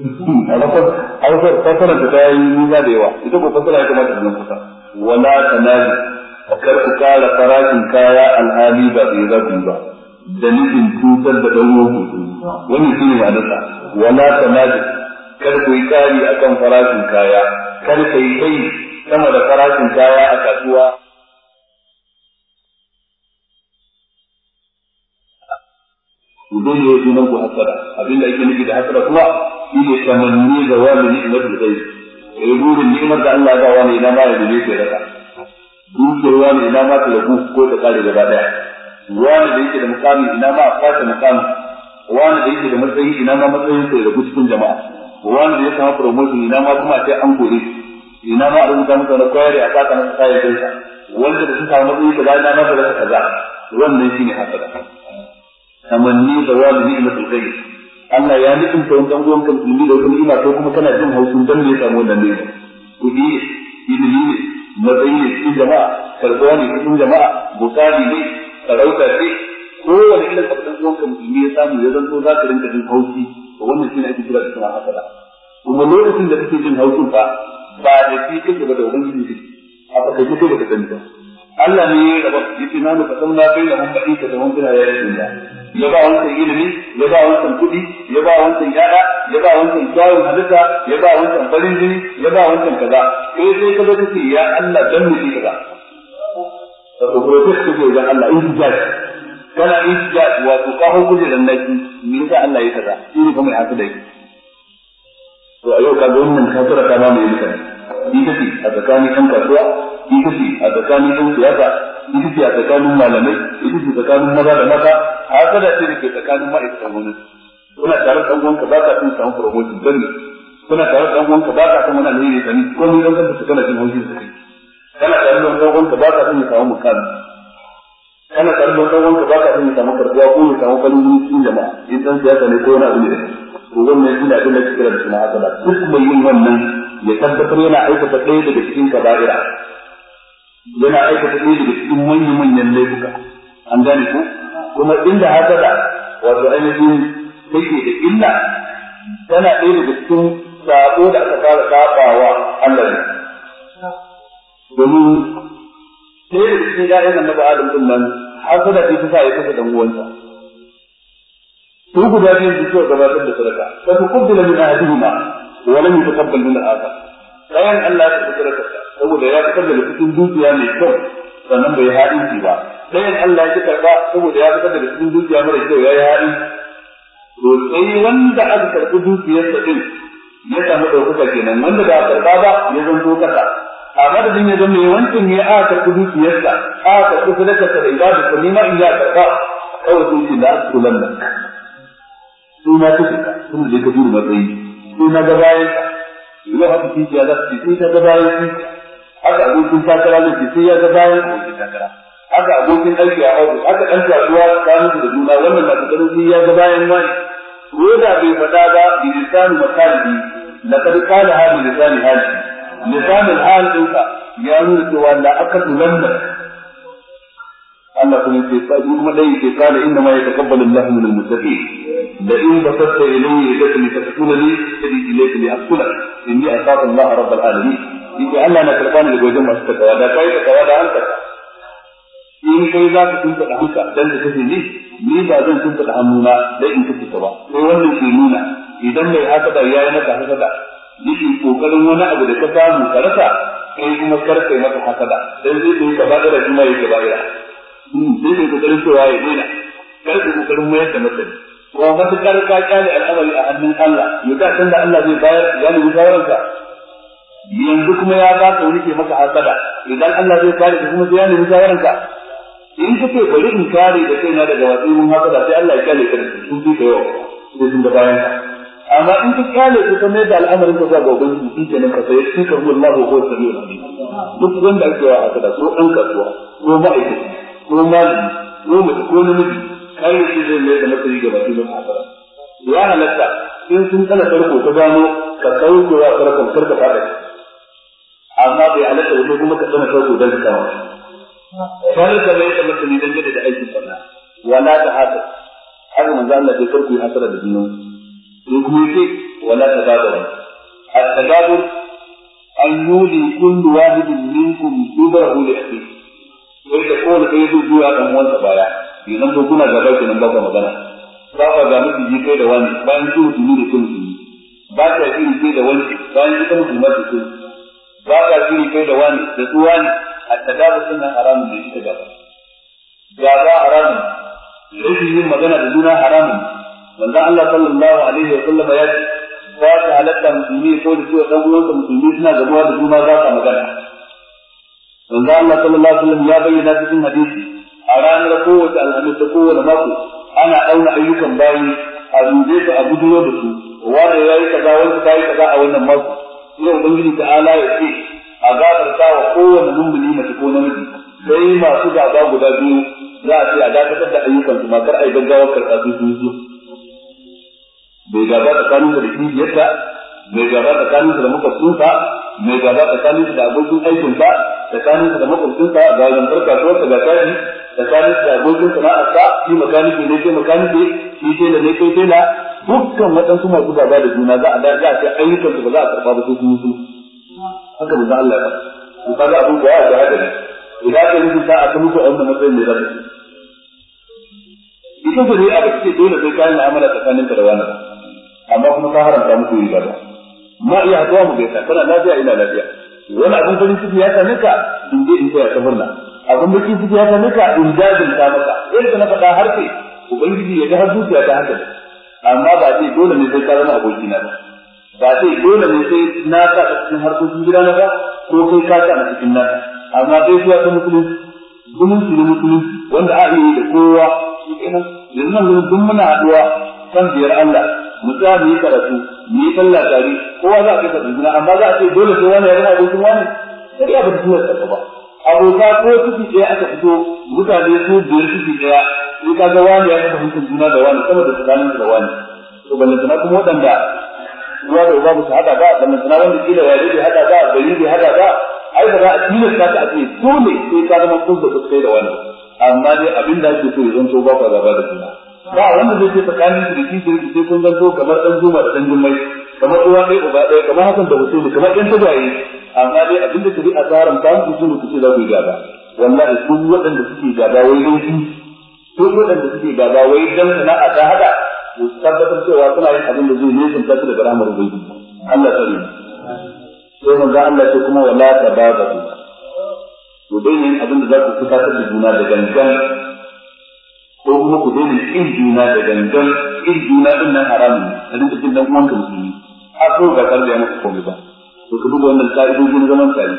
hmm, a fasar fasar ta yi nuna da yawa ita ko fasara ya kamata a nan kusa wala tanazu kar ku kara farashin kaya alhali ba bai rabi ba da nufin cutar da ɗan uwanku wani shine ya nasa wala kar ku yi akan farashin kaya kar yi da farashin kaya a kasuwa ya ku hasara abinda ake nufi da hasara kuma shi ne kamanni da wani ni'imar na zai eh burin ni'imar da Allah ya ba wani ina ma ya dole ke raka dukiyar wani ina ma ta lagu ko ta kare gaba daya wani da yake da mukami ina ma a kwace mukami wani da yake da matsayi ina ma matsayin sai da cikin jama'a wani da ya samu promotion ina ma kuma sai an gore ina ma a rubuta masa na kwari a kasa masa kayan sa wanda da suka matsayi kaza ina ma ba za kaza wannan shine hasada tamanni da wani ni'imar da Allah ya nufin ta wani ɗan kan musulmi da wata ina ko kuma kana jin hausun don ne ya samu wannan ne kuɗi ne ilimi ne matsayi ne cikin jama'a karɓuwa ne cikin jama'a bukari ne sarauta ce kowane irin abu ɗan uwan kan ya samu ya zanto za ka rinka jin haushi wannan shi ne ake kira da suna hasada kuma lokacin da kake jin hausun fa ba da fi kin ba da wani ne a ka kai ka sani ba Allah ne ya raba yace na nufa san na kai da hankali ka da wanda ya yi da ya ba wancan ilimi ya ba wancan kuɗi ya ba wancan yada ya ba wancan kyawun halitta ya ba wancan farin jini ya ba wancan kaza eh sai kaza kace ya Allah dan mu ji kaza da kuma ta ko ya Allah in ji kana in ji ku ka hu kuje dan naki min yasa Allah ya kaza shi kuma ya da to a yau ka ga wannan kafira ta ma mai ni ita ce a tsakanin kan kasuwa ita ce a tsakanin kan siyasa ita ce a tsakanin malamai ita ce tsakanin maza da mata hasada ce ke tsakanin ma'aikatan wani kuna tare da ɗan ba ka son samu promotion don ne kuna tare da ɗan ba ka son wani alheri da ni ko ni ɗan kanka kana jin haushi da kai kana tare da ɗan ba ka son samu mukami kana tare da ɗan ba ka son samu karbuwa ko ya samu kalmomin cikin jama'a in ɗan siyasa ne ko wani abu ne da wannan shi ne abin da kira da suna duk mai yin wannan ya tabbatar yana aikata ɗaya daga cikin kaba'ira yana aikata ɗaya daga cikin manyan manyan laifuka an gane ku kuma inda haka da wato ainihin take da illa tana ɗaya daga cikin sabo da aka fara sabawa Allah ne domin sai da cikin ya'yan ba Adam din nan hasada ce ta sa ya kasa dan uwansa su guda biyu su gabatar da sadaka ku kubbila min ahadihima wa lam yutaqabbal min al-akhar bayan Allah ya tafi sadakarsa saboda ya fitar da cikin dukiya mai kyau sannan bai shi ba bayan Allah ya karɓa saboda ya fitar da cikin dukiya mara kyau ya yi haɗin to sai wanda aka karɓi dukiyarsa din ya samu ɗaukaka kenan wanda ba a karɓa ba ya zanto kasa a madadin ya zama yawancin ya aka karɓi dukiyarsa aka karɓi sadakarsa da ibada ko nima in ya karɓa kawai sun ce da aka kulan nan suna ta fita sun da ka duru matsayi suna ga bayan ka ina haka kishi ya za su sai ta ga bayan haka abokin takara ne sai ya ga bayan abokin takara haka abokin aiki a ofis haka ɗan kasuwa tsakanin da juna wannan na kokarin sai ya ga bayan wani ko da bai faɗa ba bi lisanu masalihi laqad qala hadi lisani hali lisanul hal dinka ya nuna cewa la akadu lanna Allah kuma sai kuma dai sai kana inna ma yatakabbalu Allahu minal muttaqin لئن بسطت إلي يدك لتسكنني أجد إليك لأسكنك إني أخاف الله رب العالمين إذا أنا تلقاني masu ما da دا كوي تكوى أنت in kai za ka tunta da hanka dan da kake ni ni ba zan tunta da hannuna dan in kake ba sai wannan ke nuna idan mai haka da yayi maka haka da yake kokarin wani abu da ka samu ka rasa kai kuma karfe maka haka dan zai yi gaba da yake ba sai ne kokarin cewa ya nuna. karfe kokarin mayar da ko matukar ka kyale al'amari a hannun Allah ya ta da Allah zai bayar ya nemi shawararka yanzu kuma ya ba ka wani ke maka hasada idan Allah zai kare ka kuma ya nemi shawararka in ka ce bari in kare da kaina daga watsi mun hasada sai Allah ya kyale ka sun fi yau ko sun da bayan amma in ka kyale ka kuma da al'amarin ka zuwa gobe, ubangiji shi nan ka sai shi karbu Allah ko sai ne duk wanda ake wa hasada ko ɗan kasuwa ko ma'aikaci ko malami ko mace ko namiji kai shi zai mai da matsayi ga baki mai asara ya halatta in sun kana tarko ta gano ka sauke wa tarkon karka fada amma bai halatta wani kuma ka tsana farko don ka kawo karka mai da matsayi don gada da aikin sana wala ta hada haka manzo Allah bai karku ya asara da junan in kuma yake wala ta wani. A tagadur an yuli kullu wahidin minkum ibrahu li akhihi wanda kowane ɗaya zai juya ɗan uwansa baya idan zan to kuna gaba nan ba ka magana ba ka ga miji kai da wani bayan su musulmi da su musulmi ba ka shiri kai da wani bayan ita musulma da su ba ka shiri kai da wani da su wani a tadabu sunan haramun da ita ba. gaba haramun rashin yin magana da juna haramun wanda Allah sallallahu alaihi wa sallam ya ce ba ta halatta musulmi ko da cewa dan uwansa musulmi suna gabuwa da juna za ka magana Wanda Allah sallallahu alaihi wa sallam ya bayyana cikin hadisi a ranar kowace alhamis ta kowane mako ana auna ayyukan bayi a dube ka a gudunar da su wanda ya yi kaza wanda ta yi kaza a wannan mako sai ubangiji ta ala ya ce a gafarta wa kowane lumbuni mace ko namiji sai masu gaba guda biyu za a ce a dakatar da ayyukan su makar a yi gaggawar karɓa su su bai gaba tsakanin da kibiyarta mai gaba tsakanin da makwabcinsa mai gaba tsakanin da abokin aikinsa tsakanin da makwabcinsa ga zantar ta ga tashi tsakanin da abokin sana'arsa shi makaniki ne kai makaniki shi tela ne kai tela dukkan waɗansu masu gaba da juna za a dace a ce ayyukan su ba za a karɓa ba su kuma su haka manzo Allah ya faɗa to kaga abin da ya ga ne idan ka rubuta sa'a ta muku a wannan matsayin ne za ka ita ce ne abu ce dole sai kayan mu'amala tsakanin ka da wani amma kuma ka haramta muku yi ba ma iya haɗuwa mu gaisa kana lafiya ina lafiya wani abin farin ciki ya same ka in je in tsaya ta murna abin da kike ya same ka in jazin ta maka yadda na faɗa har kai ubangiji ya ga har zuciya ta haka amma ba sai dole ne sai ka zama aboki ba ba sai dole ne sai na sa ka cikin harkokin gida na ba ko kai ka sa na cikin nan, amma sai kuwa ta musulunci zumunci ne musulunci wanda a yi da kowa shi kenan yanzu nan duk muna haɗuwa kan biyar Allah mu tsaya mu yi karatu mu yi sallah tare kowa za a kai sa amma za a ce dole sai wani ya zama abokin wani sai ya ba ta tura ba aboka ko suke ɗaya aka fito mutane su biyar suke ɗaya sai ka ga wani ya kafa hukun juna da wani sama da tsakanin da wani to ballantana kuma waɗanda ruwa da uba su haɗa ba ballantana wanda kila waje bai haɗa ba gari bai haɗa ba ai ba za a tilasta ta ce, ce dole sai ka zama kun da kai da wani amma dai abin da ake so ya zanto ba ka gaba da juna ba wanda zai ce tsakanin da kishi sai kun zanto kamar ɗan zuma da ɗan jummai kamar uwa ɗaya uba ɗaya kamar hakan da hussein kamar ɗan tabaye amma dai abin da tabi a tsarin ta su su ce za ku yi gaba wallahi duk waɗanda suke gaba wai laifi duk waɗanda suke gaba wai dan sana'a ta hada to tabbatar cewa suna yin abin da zai nisan ta da ramar ubangiji Allah sani sai manzo Allah ce kuma wala tababatu ku dai yin abin da za ku kusatar da juna da gangan ko kuma ku daina kin juna da gangan in juna din nan haramun ne a rinka jin dan uwanka musulmi har so ga tare da komai ba to ka duba wannan ka'idojin zaman tare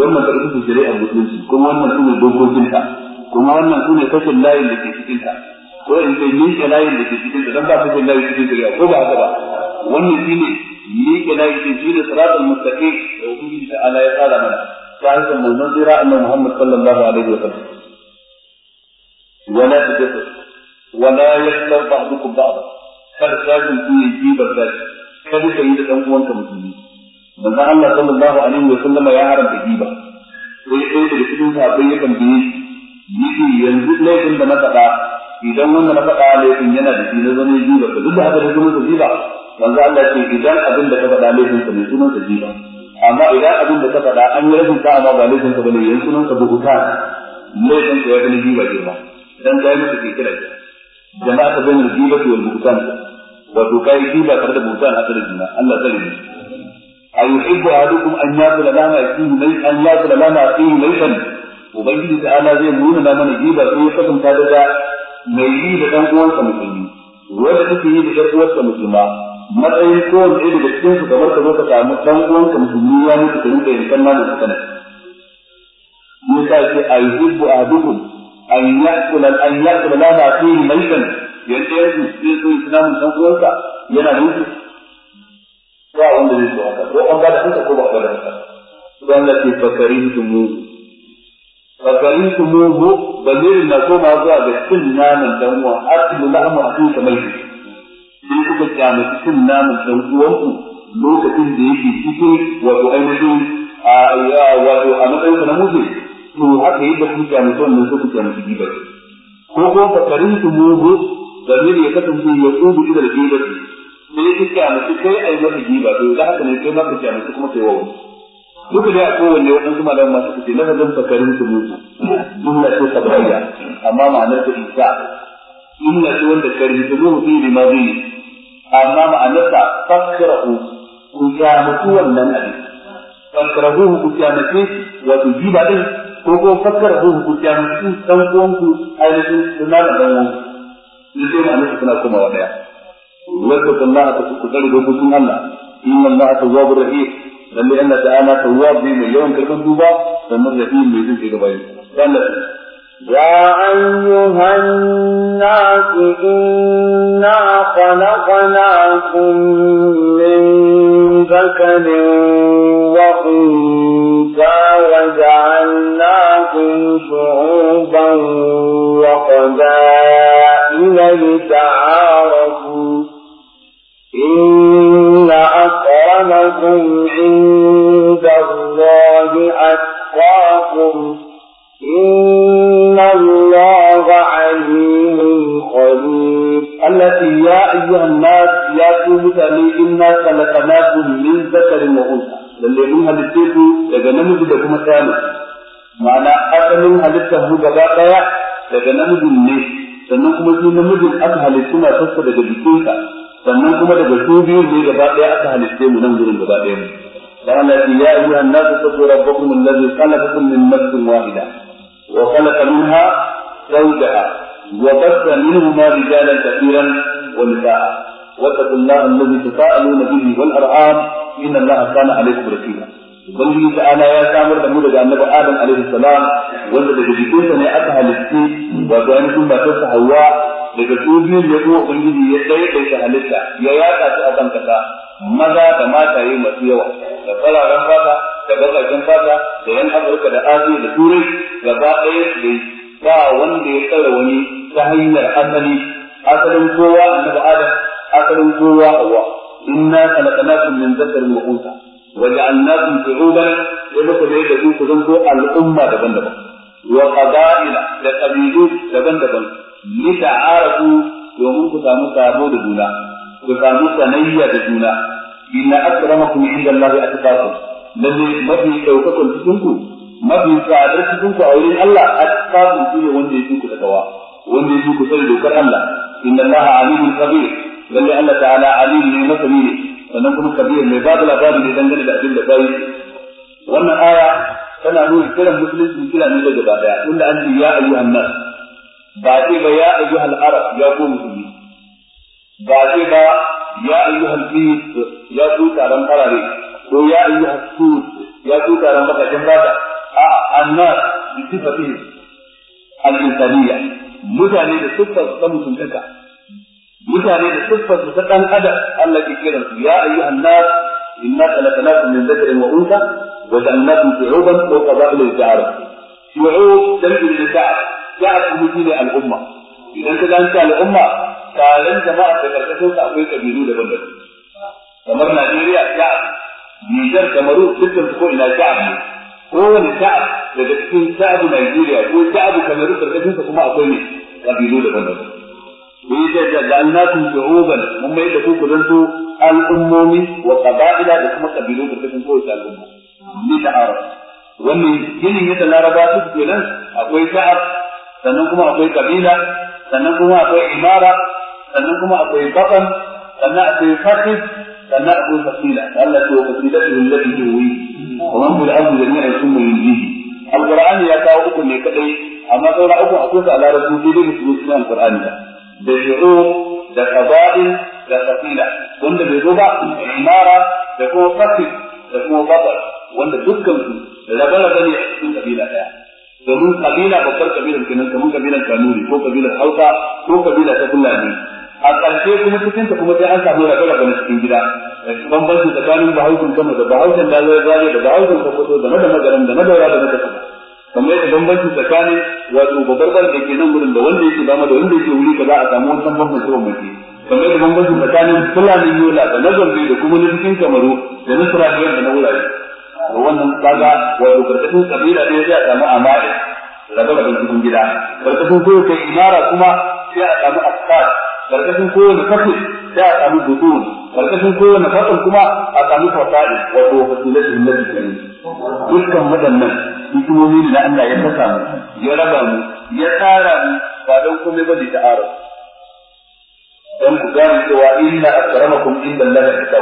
wannan ta ita shari'ar musulunci kuma wannan su ne dokokinta kuma wannan su ne kashin layin da ke cikinta ko in ce miƙe layin da ke cikinta don ba kashin layin cikin ko ba haka ba wannan shi ne miƙe layin cikin shi ne siratul mustaqim da ubangiji ta ala ya tsara mana ta hanyar manzon annabi Muhammad sallallahu alaihi wa sallam ولا تجسس ولا بعضكم بعضا sai muka yi da ɗan uwanka musulmi manzon Allah sallallahu alaihi wa sallama ya haramta giba ya sai da cikin sahabbai ya tambaye shi yake yanzu laifin da na faɗa idan wanda na faɗa laifin yana da shi na zama giba ka duk da haka da zama ka giba manzo Allah ce idan abin da ka faɗa laifin ka ne sunan giba amma idan abin da ka faɗa an yi rashin sa'a ma ba laifin ka bane yanzu sunan ka buguta laifin ka ya gani giba girma dan ga mutum ke kira jama'a ta bayyana giba wal bugutan wato kai shi ba tare da butan haka da juna Allah zai yi a a ahadukum an kula lama cikin mai an kula lama yaqihi kan ubangiji da ala zai nuna na mana giba sai ya kasanta daga mai yi da ɗan uwansa musulmi wanda suke yi da ɗan uwansa musulma matsayin kowane ɗaya daga cikin su kamar ka zo ka samu ɗan uwansa musulmi ya mutu ka rinka yankan ma da na. Musa ce a yi hibbu a yakula an kula lama mai laysan yadda ya ji zai so yana da ba wanda zai so ko an ba da haka ko ba da haka sai Allah ke fakarin tumu fakarin tumu ho bamirin na koma zuwa ga cin namun dan uwan aslu lahmu asu kamar shi sai kuka kyamaci cin namun dan lokacin da yake cikin wato ainihin a wato a matsayin na mutum to haka yadda kuka kyamaci wannan sai kuka kyamaci gibar ko ko fakarin tumu ya ضمير ya يقوم da الجيبة sai ki kyamaci kai a yi masa giba to da haka ne kai maka su kuma sai wawo duk da a kowanne waɗansu malam masu kuce na zan fakarin su mutu jumla ce sabaya amma ma'anar ta isa jumla ce wanda karfi ta zuwa fi ma zai amma ma'anar ta fakara ku kyamaci wannan abin fakara ku kyamaci wato giba din ko ko fakara ku kyamaci ɗan uwanku ainihin sunan ɗan uwanku na sai ma'anar suna tana komawa daya wata kullaha ta ku da dokokin Allah inna Allah tawwabur rahim lalle Allah ta'ala tawwab ne mai yawan karban duba da rahim mai jin ga bayan Allah يا أيها الناس إنا خلقناكم من ذكر وأنثى وجعلناكم شعوبا وقبائل إذا تعارفوا إن أكرمكم عند الله أتقاكم إن الله عليم خبير التي يا أيها الناس يا متاني إنا خلقناكم من ذكر وأنثى lalle mun halitte ku daga namiji da kuma tsami ma'ana asalin halittar mu gaba daya daga namijin ne sannan kuma shi namijin aka halittu na sassa daga jikinsa sannan kuma daga su biyun ne gaba ɗaya aka halitte mu nan gurin gaba ɗaya mu da Allah ya ya ayyuha an-nas taqu rabbakum alladhi khalaqakum min nafsin wahida wa khalaqa minha zawjaha wa bassa minhuma rijalan kathiran wa nisaa واتقوا الله الذي تساءلون به والارحام ان الله كان عليكم رقيبا ubangiji ta Ana ya samar da mu daga annabi adam alaihi salam wanda daga jikinsa ne aka halitta wato ainihin ba ta hawa daga su biyu ya ko ubangiji ya ta halitta ya yaka su a kan kasa maza da mata yi masu yawa da fararen fata da bakakin fata da yan afirka da asiya da turai gaba ɗaya da ba wanda ya tsara wani ta hanyar asali asalin kowa annabi adam asalin kowa hawa inna khalaqnakum min dhakarin wa da yadda وجعلناكم شعوبا ولقد يدعو كذنبو الأمة دبندبا وقبائل لقبيلو دبندبا لتعارفوا domin ku samu sabo da juna ku samu sanayya da juna inna akramakum inda Allah ya tsaka lalle mafi daukakan cikin ku mafi tsadar cikin ku a wurin Allah atqaku shine wanda yake ku takawa wanda yake ku sai dokar Allah inna Allah alimun kabir lalle Allah ta'ala alimun ne masani ne sannan kuma kabiyar mai ba labari ne dangane da abin da yi wannan aya tana nuna kiran musulunci kira ne daga gaba daya tunda an ce ya ayyuhan nas ba ce ba ya ayyuhan arab ya ko musulmi ba ce ba ya ayyuhan bid ya ko taron farare ko ya ayyuhan sud ya ko taron bakakin bata a annas bi sifatihi al-insaniyya mutane da samu sun mutuntaka mutane da siffar su ta dan adam Allah ke kiran su ya ayyuhan nas inna khalaqnakum min dhakarin wa untha wa ja'alnakum shu'uban wa qaba'ila lita'arafu shu'ub dalil lita'aruf ta'aruf mutune al'umma idan ka umma al'umma taron jama'a da karkashin sa akwai kabilu daban-daban kamar Najeriya sha'ab Nijar Kamaru dukkan su ko ina sha'ab ne kowane sha'ab daga cikin ta'abu Najeriya ko ta'abu Kamaru karkashin sa kuma akwai ne kabilu daban-daban Ku da ويجعل جعلناكم شعوبا هم يدكوا كذنتوا الأمم وقبائل لكم قبيلون al'umma. Ni الأمم لتعارف wannan ginin yadda laraba su ke nan akwai sha'ar sannan kuma akwai kabila sannan kuma akwai imara sannan kuma akwai bakan sannan akwai fasif sannan akwai fasila Allah ce wa fasilatu allati tuwi wa man bil ardi jami'an thumma yunjihi alqur'ani ya kawo uku ne kadai amma sauran uku akwai su a larabci dai da su cikin alqur'ani da shi'ur da qaba'il da qasida wanda bai zo ba imara da kuma fasik da kuma babar wanda dukkan su rabe-rabe ne a cikin kabila daya domin kabila babbar kabilar kenan kamar kabilar kanuri ko kabilar hausa ko kabila ta fulani a ƙarshe kuma cikin ta kuma sai an samu rabe-rabe na cikin gida bambanci tsakanin bahaushen sama da bahaushen da zai zage da bahaushen sokoto da na da magaran da na daura da na tafiya kamar da bambanci tsakanin wato babarban da ke nan wurin da wanda yake dama da wanda yake wuri za a samu wancan bambanci bambanci kamar da bambanci tsakanin fulani yola da na zambe da kuma na cikin kamaru da na surafiyan da na wurare da wannan kaga wato karkashin kabila ne zai a samu amare rabe raben cikin gida karkashin koyo kai imara kuma sai a samu askar karkashin koyo da kafin sai a samu dudun karkashin kowane fatan kuma a sami fasa'i wato fasilatul nabi kenan dukkan waɗannan hikimomi ne na Allah ya kasa mu ya raba mu ya tsara mu ba don komai ba da ta'aruf dan ku gane cewa inna akramakum inda Allah ya kafa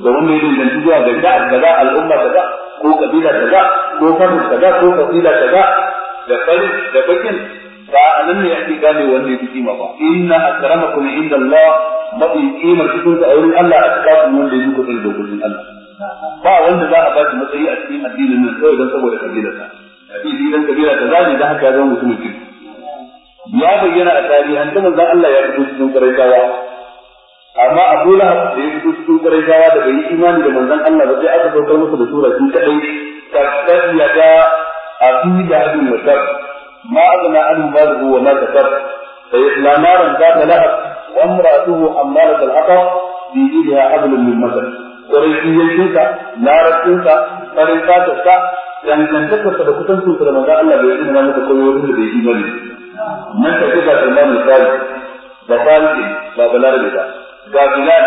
domin mai dangantu zuwa ga da daga, al'umma daga, ko kabila daga, ko fadin daga, ko kabila daga, da fari da bakin ba a nan ne ake gane wanne ya fi kima ba inna akramakum inda Allah mafi kimar cikin a wurin Allah a cikin wanda ya fi kuɗin dokokin Allah ba wanda za a ba shi matsayi a cikin addinin nan kawai don saboda kabilarsa a cikin dan kabila ta zani da haka ya zama mutumin kirki ya bayyana a tarihin da za Allah ya fito cikin karaitawa amma Abu Lahab da ya fito cikin karaitawa da bai yi imani da manzon Allah ba sai aka saukar masa da sura sun kadai ta ya ga a fi da hadin wa ما أغنى عنه ماله وما كسب سيصلى نارا ذات لهب وامرأته حمالة الحطب بإيدها حبل من مثل ورزقيتك نارتك طريقاتك يعني كان تكتب da kusancinsa da manzon Allah bai yi maka koyoyin da bai yi bane nan ka kika Salman al-Farisi da Farisi ba balarabe ba ga Bilal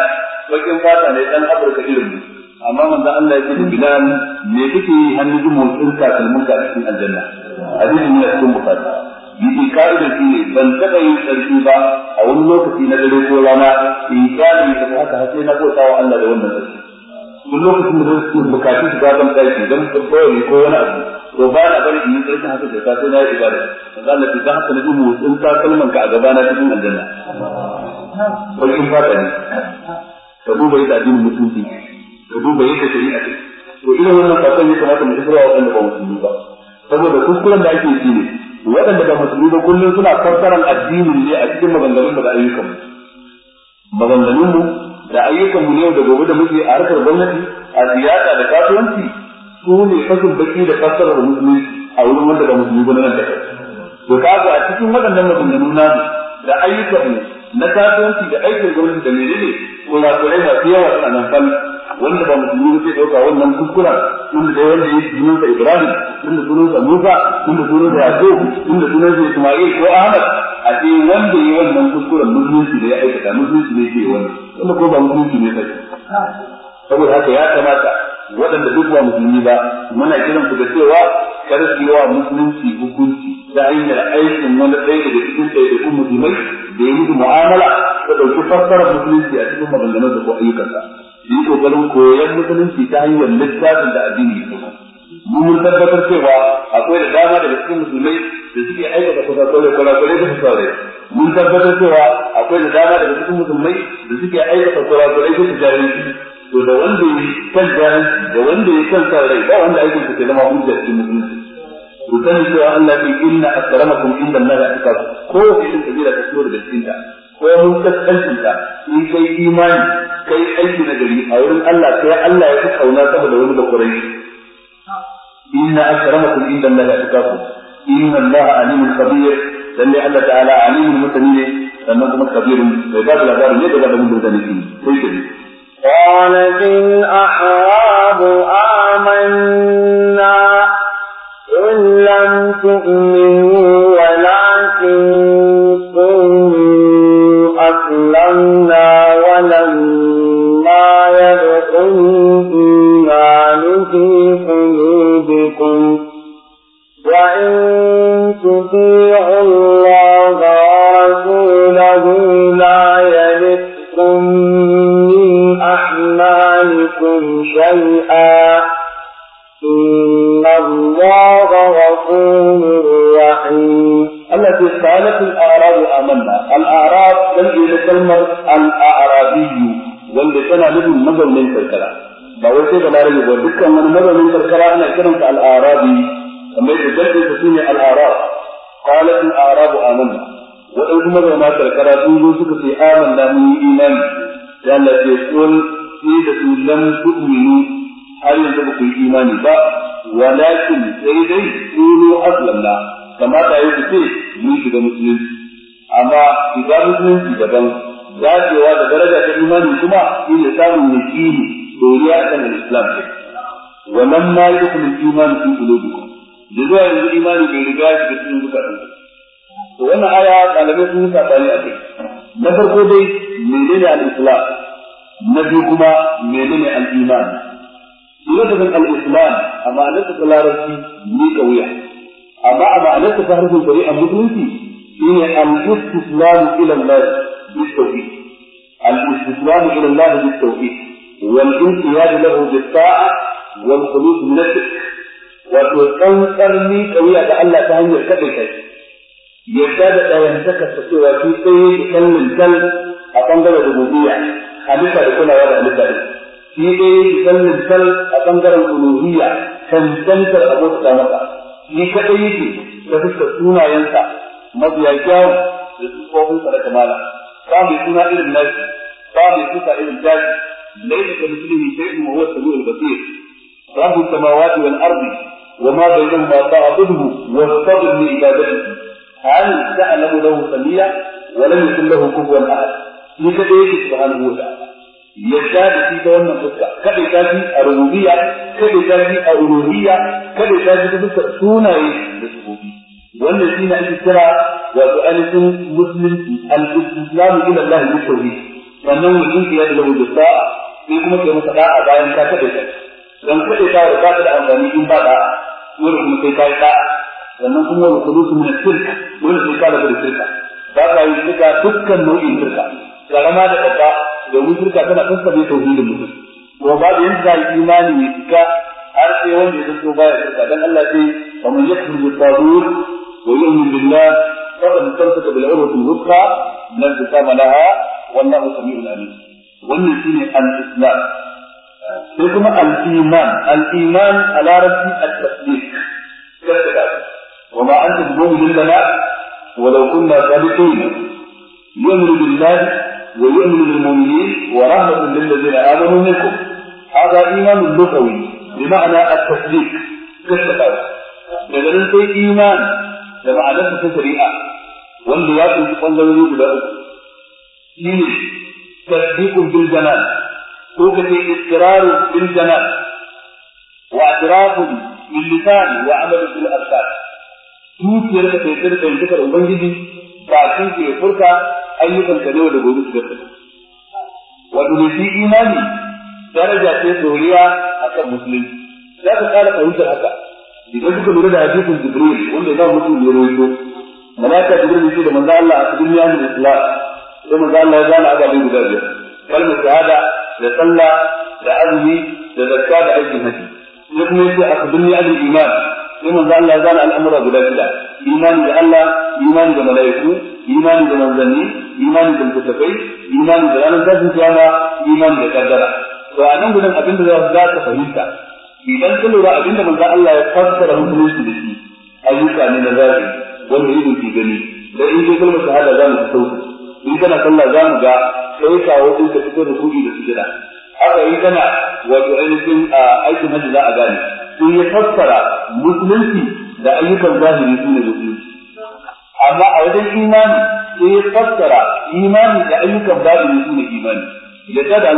bakin fata ne dan Afirka ilimi amma manzo Allah yake da Bilal me kake yi hannu jin motsin mun ka cikin aljanna hadisi ne cikin bukhari bi da shi ban taɓa yin sarki ba a wani lokaci na dare ko rana in kare ka haka har sai na bauta tawo Allah da wannan sarki duk lokacin da su bukatu su gaban ɗaki don tabbayar ne ko wani abu to ba na bari in sarki haka da sai na yi ibada manzo Allah ya haka na jin motsin takalmin ka a gabana cikin aljanna in fata ne ka duba da jin mutunci da duba yadda shari'a ce to ina wannan fatan ya kamata mu isra wa waɗanda ba musulmi ba saboda kuskuren da ake yi ne waɗanda ba musulmi ba kullum suna fassarar addini ne a cikin maganganun da ayyukan maganganun mu da ayyukan mu yau da gobe da muke a harkar gwamnati a siyasa da kasuwanci su ne fasin baki da fassarar musulmi a wurin wanda ba musulmi ba nan da kai to kaga a cikin waɗannan maganganun namu da ayyukan mu na kasuwanci da aikin gwamnati da menene kurakurai masu yawa a nan fannin wanda ba musulmi zai dauka wannan kuskura inda dai wanda yake sunan sa Ibrahim inda sunan sa Musa inda sunan sa Yaqub inda sunan sa Isma'il ko Ahmad a ce wanda ya wannan kuskuren musulunci da ya aikata musulunci ne ke wani wanda ko ba musulunci ne sai saboda haka ya kamata waɗanda duk ba musulmi ba muna kiran ku da cewa kar su yi wa musulunci hukunci ta hanyar aikin wani ɗaya da cikin ɗaiɗaikun musulmai da ya yi mu'amala ta ɗauki fassarar musulunci a cikin maganganun da ko ayyukansa yi kokarin koyon musulunci ta hanyar littafin da addini ya kuma mun tabbatar cewa akwai da dama da cikin musulmai da suke aikata kusakurai kurakurai da kusurai mun tabbatar cewa akwai da dama da cikin musulmai da suke aikata kurakurai da kusurai to da wanda yi kan jahanci da wanda yi kan sa ba wanda aikin ke zama hujja cikin musulunci ku sani cewa Allah ya inna akramakum inda Allah ya tsaka ko irin kabila ta ciwo da cikin ta ko mun kaskanci ta in kai imani kai aiki na gari a wurin Allah sai Allah ya fi kauna saboda wani bakurai inna akramakum inda Allah ya tukaku inna Allah alimul khabir lalle Allah ta'ala alimul mutani ne sannan kuma khabirun bai ba da labarin ne daga mun da nake sai ke قالت الأعراب آمنا قل لم تؤمنوا ولكن فعلنا ولما يدخل الإيمان في قلوبكم وإن تطيعوا الله ورسوله لا يلدكم من أعمالكم شيئا إن الله غفور رحيم Allah ce qalatul a'rabu amanna al-a'rab dan kalmar al wanda tana nufin mazaunin karkara ba wai sai da larabi ba dukkan wani mazaunin karkara ana kiranta al-a'rabi amma da dalilin ta shine al-a'rab qalatul a'rabu amanna karkara sun zo suka ce amanna mun yi imani ya Allah ce kun ni ba ku yi imani ba walakin kamata ya ce mun shiga musulunci amma idan musulunci daban dacewa da daraja ta imani kuma shi ne samun yakini doriya akan al-islam ne wannan ma ya kuma imani fi duka da zuwa yanzu imani bai riga shi da cikin zukatan to wannan aya ɗalibai sun yi sabani a kai na farko dai menene al-islam na biyu kuma menene al-iman lokacin al-islam amma na larabci ni kauya amma a ma'anarsa ta harshen shari'ar musulunci shine al-istislam ila Allah بالتوحيد الاستسلام الى الله بالتوحيد والانقياد له بالطاعه والخلوص من الشرك وتتنقل لي قويه الله تهيئ كبرك يبدا دايمتك تسوى في سيد كلم كل أتنقل الربوبيه خليفه لكل وضع لله في ايه تكلم كل أتنقل الالوهيه تنتنكر ابوك مكه shi kaɗai yake ta fuskar sunayensa mabiya kyawu da tsofinsa da kamala ba mai suna irin nashi ba mai suka irin daji laisa ka musulmi shay'un wa huwa samiul basir rabu samawati wal ardi wa ma bainahuma fa'buduhu wastabir li ibadatihi hal ta'lamu lahu samia wa lam yakul lahu kufuwan ahad ni kaɗai yake subhanahu wa ta'ala yadda da shi ta wannan fuska kada ta shi a rububiya kada ta shi a rububiya kada ta shi ta sunaye da sufofi wannan shi ne ake kira wato ainihin musulunci al-islamu ila Allah mutawi sannan mutum ya da lahu da sa'a sai kuma kai masa da'a bayan ka kada ta dan kada ta da ta da amfani in ba da'a dole kuma sai kai da'a sannan kuma wa kudusu min shirka dole sai ka da shirka ba ka yi shirka dukkan nau'in shirka karama da ƙasa domin shirka tana sassabe tauhidin mutum ko babu yanda za imani ya cika har sai wanda ya zanto baya shirka dan Allah sai fa man yakfur bi tawhid wa yu'min billah faqad istamsaka bil urwati al-wuthqa la inqisama laha wallahu sami'un alim wannan shine al-islam sai kuma al-iman al-iman a larabci at-tasdiq وما أنت بمؤمن لنا ولو كنا صادقين يؤمن بالله ويؤمن المؤمنين ورهب للذين آمنوا منكم هذا إيمان لغوي بمعنى التصديق كالتقاس إذا لم تكن إيمان بمعنى التشريع واللي يقول الله يقول إيش تصديق بالجنان توقف إقرار بالجنان واعتراف باللسان وعمل بالأفكار توقف يرتكب يرتكب يرتكب يرتكب يرتكب يرتكب ayyukan ka ne da gobe su gaske wato da shi imani daraja ce tsoriya a kan musulunci za ka ƙara fahimtar haka idan kuka lura da hadisin jibril wanda za mu ne ko malaka jibril shi da manzo Allah a cikin yanin islam sai manzo Allah ya gane ababen guda biyar kalmar shahada da sallah da azumi da zakka da aikin haji ya ne a cikin yanin iman sai manzo Allah ya gane al'amura guda shida imani da Allah imani da mala'iku imani da manzanni imani da mutafai imani da ranar zafin kiyama imani da kaddara to a nan gudun abinda za za ka fahimta idan ka lura abinda manzan Allah ya fassara musulunci da shi ayyuka ne na zafi wanda ido ke gani da in kai kalmar shahada za mu sauka in kana sallah za mu ga sai kawo din ka fitar da kudi da sujada haka in kana wato ainihin aikin hajji za a gane In ya fassara musulunci da ayyukan zahiri su ne musulunci amma a wajen imani sai ya fassara imani da ayyukan babu ne sune imani yadda da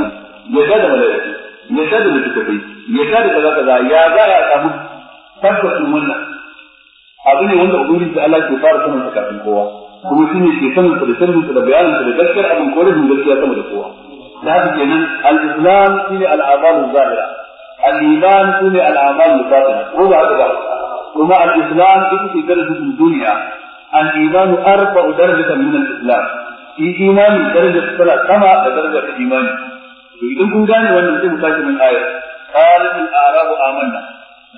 yadda da malaiku yadda da littattafai ya da kaza kaza ya za a samu tabbacin wannan abu ne wanda ubangiji da Allah ke fara sanin sa kafin kowa kuma shi ne ke sanin sa da sanin sa da bayanin sa da gaskiyar abin ko rashin gaskiya sama da kowa da haka kenan al-islam shine al-azamu zahira al-iman shine al-amal batina ko ba haka ba kuma al-islam ita ce darajar duniya al-iman arba'u من min al-islam shi imani daraja tana sama da daraja ta imani to idan kun gane wannan sai mu tashi min ayar qalat al-arabu amanna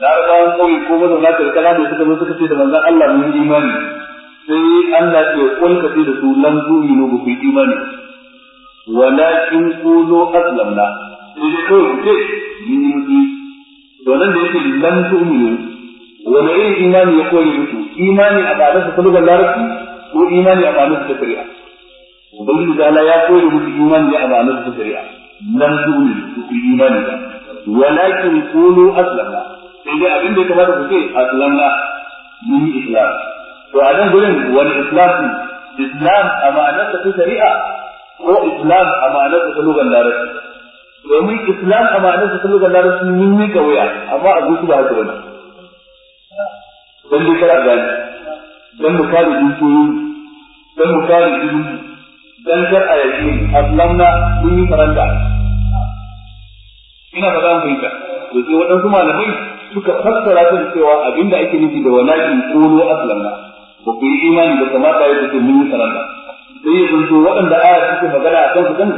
larabawan kauye da suka suka ce da manzon Allah mun imani sai Allah ya kulka ce da su lam tu'minu imani walakin qulu aslamna sai ce Ni da wani irin imani ya kore mutu imani a tsadarsa ta lugar larabci ko imani a tsadarsa ta shari'a ubangiji da Allah ya kore mutu imani a tsadarsa ta shari'a nan dole su ku imani da walakin kulu aslama sai dai abin da ya kamata ku ce aslama mun yi islam to a nan gurin wani islam ne? islam a ma'anarsa ta shari'a ko islam a ma'anarsa ta lugar larabci domin islam a ma'anarsa ta lugar larabci mun yi kawaya amma a zuci ba haka bane dan dai kar a gane dan mu kare dukiyoyi dan mu kare ilimi dan kar a yaki ablanna mun yi faranta ina fata mun fahimta to sai waɗansu malamai suka fassara ta cewa abinda ake nufi da walakin qulu aslamna ba ku yi imani da kamata ya ce mun yi faranta sai ya zanto waɗanda aya suke magana a kan su kan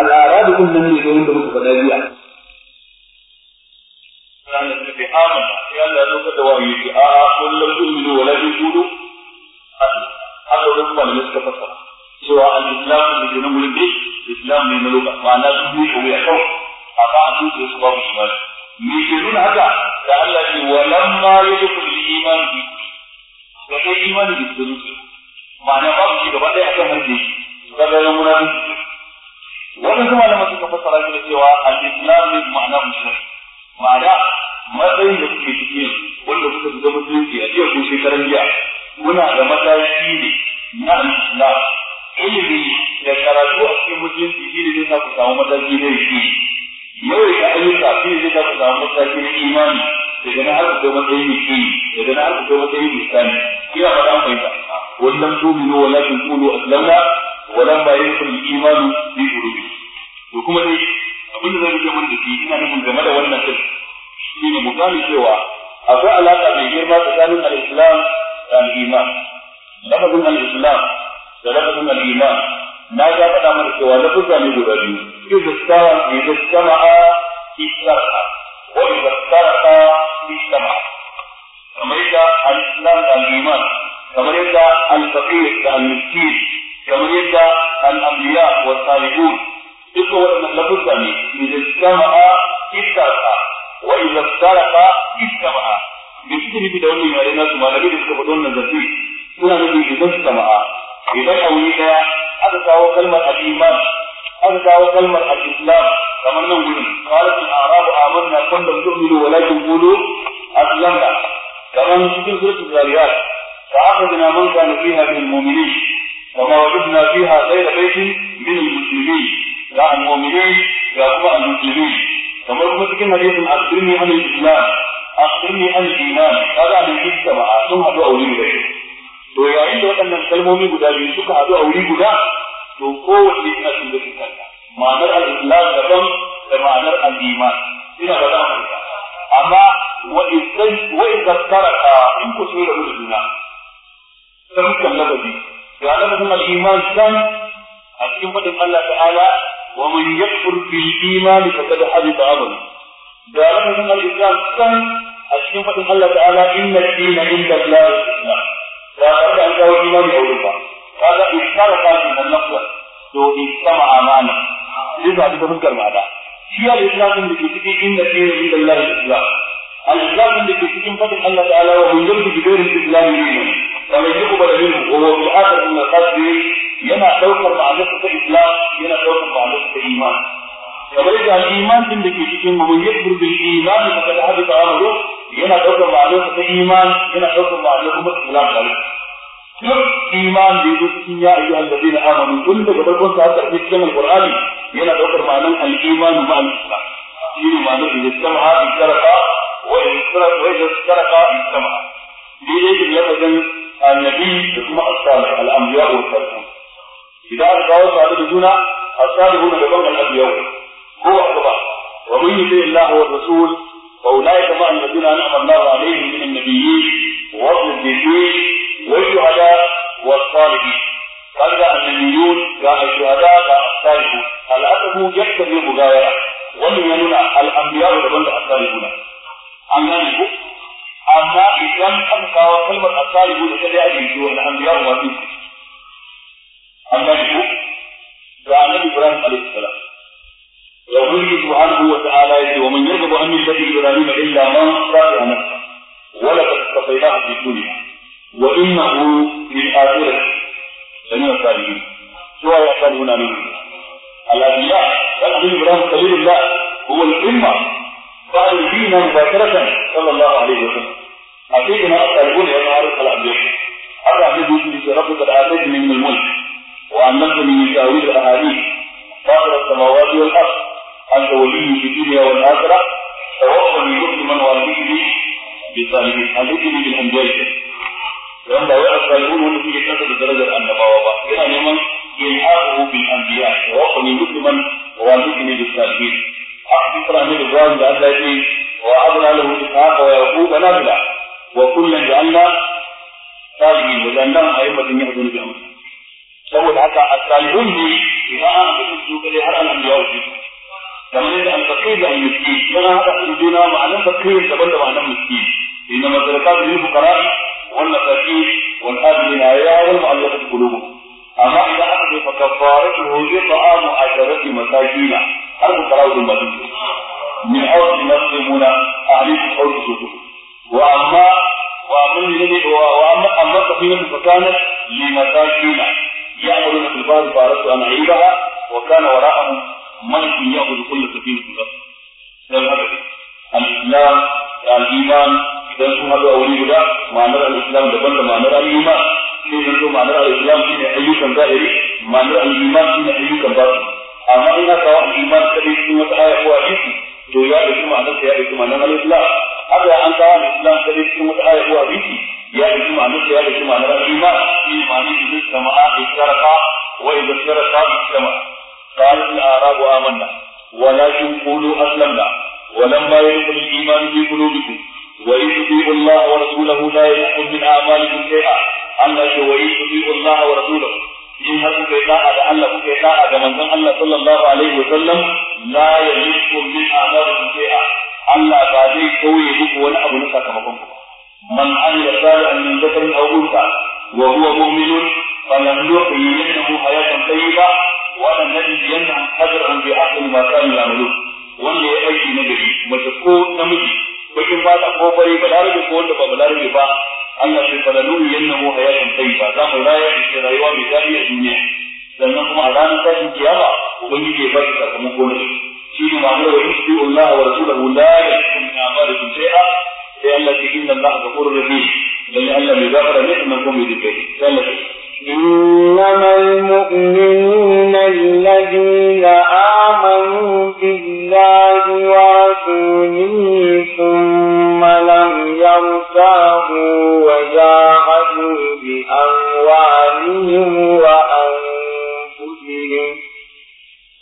al'aradu kun nan ne da wanda muka faɗa biya ranar da bai amana sai Allah ya ka da wahayi ce a kullum tu'minu wa la tu'minu haka wasu malamai suka fassara cewa al-islam da nan wurin islam ne na lokaci ma'ana su biyu ko ya kawai amma an zuciya su babu su bari me ke nuna haka da Allah ce wa lamma yadkhul iman bi da kai imani da su ne ma'ana babu shi gaba ɗaya akan harshe shi kaga nan munafiki wannan kuma malamin suka fassara shi da cewa al-islam ne ma'ana musulmi ma'ana matsayin da kuke cikin wanda kuka shiga musulunci a jiya ko shekaran jiya muna da mataki ne na na ilimi da karatu a cikin mutunci shi ne zai ku samu mataki ne shi yau da ayyuka shi ne zai ku samu mataki na imani daga na haka kai matsayin shi daga na haka kai matsayin misali ina faɗa mai ba wannan tuminu walakin qulu aslamna walamma yadkhul al imani fi qulubikum to kuma dai abin da zai rike mun da shi ina nufin game da wannan din shi ne mu gane cewa akwai alaƙa mai girma tsakanin al-islam da al-iman lafazin al-islam da lafazin al-iman na ga faɗa mana cewa lafazza ne guda biyu idan sama idan sama istara wa idan sarqa istama kamar yadda al-islam da al-iman kamar yadda al-faqir da al-miskin kamar yadda al-anbiya wa salihun duk waɗannan lafuzza ne idan sama'a istarka wa idan saraka istama'a me suke nufi da wannan yare nasu malamai da suka faɗi wannan zance suna nufi idan sama'a idan a wuri ɗaya aka kawo kalmar al'iman aka kawo kalmar al'islam kamar nan gudun qalat al-a'rab amanna qul lam tu'minu walakin qulu aslamna kamar cikin suratul zariyat فأخذنا من كان فيها من المؤمنين وما وجدنا فيها غير بيت من المسلمين ga al-mu'minin ga kuma al-muslimin kamar kuma cikin hadisin asrini an al-islam asrini an al-iman kaga da shi ba sun hadu a wuri guda to yayin da waɗannan kalmomi guda biyu suka hadu a wuri guda to kowace ina sun gaji kanta ma'anar al-islam daban da ma'anar al-iman ina ba za mu amma wa idan in iman a cikin fadin Allah ta'ala ومن يكفر بالإيمان فقد حبط عمله دار من الإسلام كان أشوف الله تعالى إن الدين عند الله الإسلام وأرد أن تقول إيمان أولوكا هذا كان من النقوة لو اجتمع معنا لذا تتذكر معنا هي الإسلام اللي كتبه إن الدين عند الله الإسلام الإسلام اللي كتبه فتح الله تعالى ومن يرد بدون الإسلام منه ومن يقبل منه وهو في آخر من الخلق yana daukar ma'anarsa ta islam yana daukar ma'anarsa ta iman kamar da iman din da ke cikin mu ya burbi iman da kada hadu ta amuru yana daukar ma'anarsa ta iman yana daukar ma'anarsa kuma islam da ne duk iman da yake cikin ya ayu allazina amanu kun da daga farkon ta har cikin alqur'ani yana daukar ma'anar al-iman ma al-islam shi ma'anar da ya sama ha ikiraka wa ikiraka wa ikiraka ikiraka daidai da lafazin annabi da kuma asali al-anbiya wa sallallahu إذا ألقوا فأدرجون الصالحون لقول الأنبياء هو أكبر ومن يطع الله والرسول فأولئك مع الذين أنعم الله عليهم من النبيين والصديقين والشهداء والصالحين قال النبيون يا الشهداء قال الصالحون الأدب يقتضي المغايرة wannan ya الأنبياء al'ambiyawa daban da asalihu ne an gane ko amma idan an kawo kalmar asalihu da أنه دعانا إبراهيم عليه السلام وقوله سبحانه وتعالى ومن يرغب عن ملة إبراهيم إلا من صار نفسه ولقد اصطفيناه في الدنيا وإنه للآخرة لمن الصالحين سوى يصالحون منه الأنبياء يقضي إبراهيم الله هو الأمة قال فينا مباشرة صلى الله عليه وسلم أعطينا الأولى يا معارف الأنبياء أرى عبد ربك العزيز من الملك وأنزل من تأويل الأحاديث ظاهر السماوات والأرض أنت ولي في الدنيا والآخرة توصل لكل من والديه بصالح الحديث بالحمدلله ولما وقف يقول انه في كتاب الدرجه ان بابا بابا يعني من يلحقه بالانبياء توصل لكل من والديه بالصالحين أخذ إبراهيم إبراهيم بأن يجي وأبنى له إسحاق ويعقوب نابله وكلا جعلنا صالحين وجعلناهم أئمة يهدون بهم saboda haka as-salihun ne idan an fi su kare har al-anbiya wa su kamar yadda al-faqir da al-miskin dan hada su juna ma'anar faqir daban da ma'anar miskin inna masalaka lil fuqara wal masakin wal abina ya wal mu'allafat qulubuhum amma idan aka ce fa kafaratuhu it'amu asharati masakina har fuqara dun ba su min awal naslimuna ahli qawli sujud wa amma wa amma wa amma amma kafirin fakanan li masakina يأمرون بالبار فأردت أن أعيبها وكان وراءهم ملك يأخذ كل سفينة غصبا الإسلام الإيمان idan sun haɗu a wuri guda ma'anar al-islam daban da ma'anar al-iman shi ne zo ma'anar al-islam shi ne ayyukan zahiri ma'anar al-iman shi ne ayyukan basu amma ina al wata aya ko to ya dauki ma'anar sa ya dauki ma'anar al-islam haka an kawo al-islam da dai cikin wata zuwa biki ya dauki ma'anar sa ya dauki ma'anar al shi ma'anar da zai kama a isharaka wa idza sharaka kama قالت الأعراب آمنا ولكن قولوا أسلمنا ولما يدخل الإيمان في قلوبكم وإن تطيعوا الله ورسوله لا يكون من أعمالكم شيئا أن وإن تطيعوا الله ورسوله in har kuka yi da'a da Allah kuka yi da'a ga manzon Allah sallallahu alaihi wa sallam la yaliku min amalikum shay'a Allah ba zai kauye muku wani abu na sakamakon ku man amila salihan min dhakarin aw unsa wa huwa mu'minun فلنحيينه حياة طيبة ولنجزينهم أجرا بأحسن ما كانوا يعملون wanda ya aiki na gari mace ko namiji bakin fata ko ba balarabe ko wanda ba ba, balarabe ba Allah ce fa lalu yannahu hayatun tayyiba za mu raya shi rayuwa mai daɗi a duniya sannan kuma a ranar tashin kiyama ubangiji ya ba shi sakamako ne shi ne ma'anar wa yusi Allah wa rasuluhu la yakum min amalikum shay'a sai Allah ce inna Allah ghafurur rahim dan Allah mai gafara ne kuma kuma mai dinkai Allah إنما المؤمنون الذين آمنوا بالله ورسوله ثم لم يرتابوا وجاهدوا بأموالهم وأنفسهم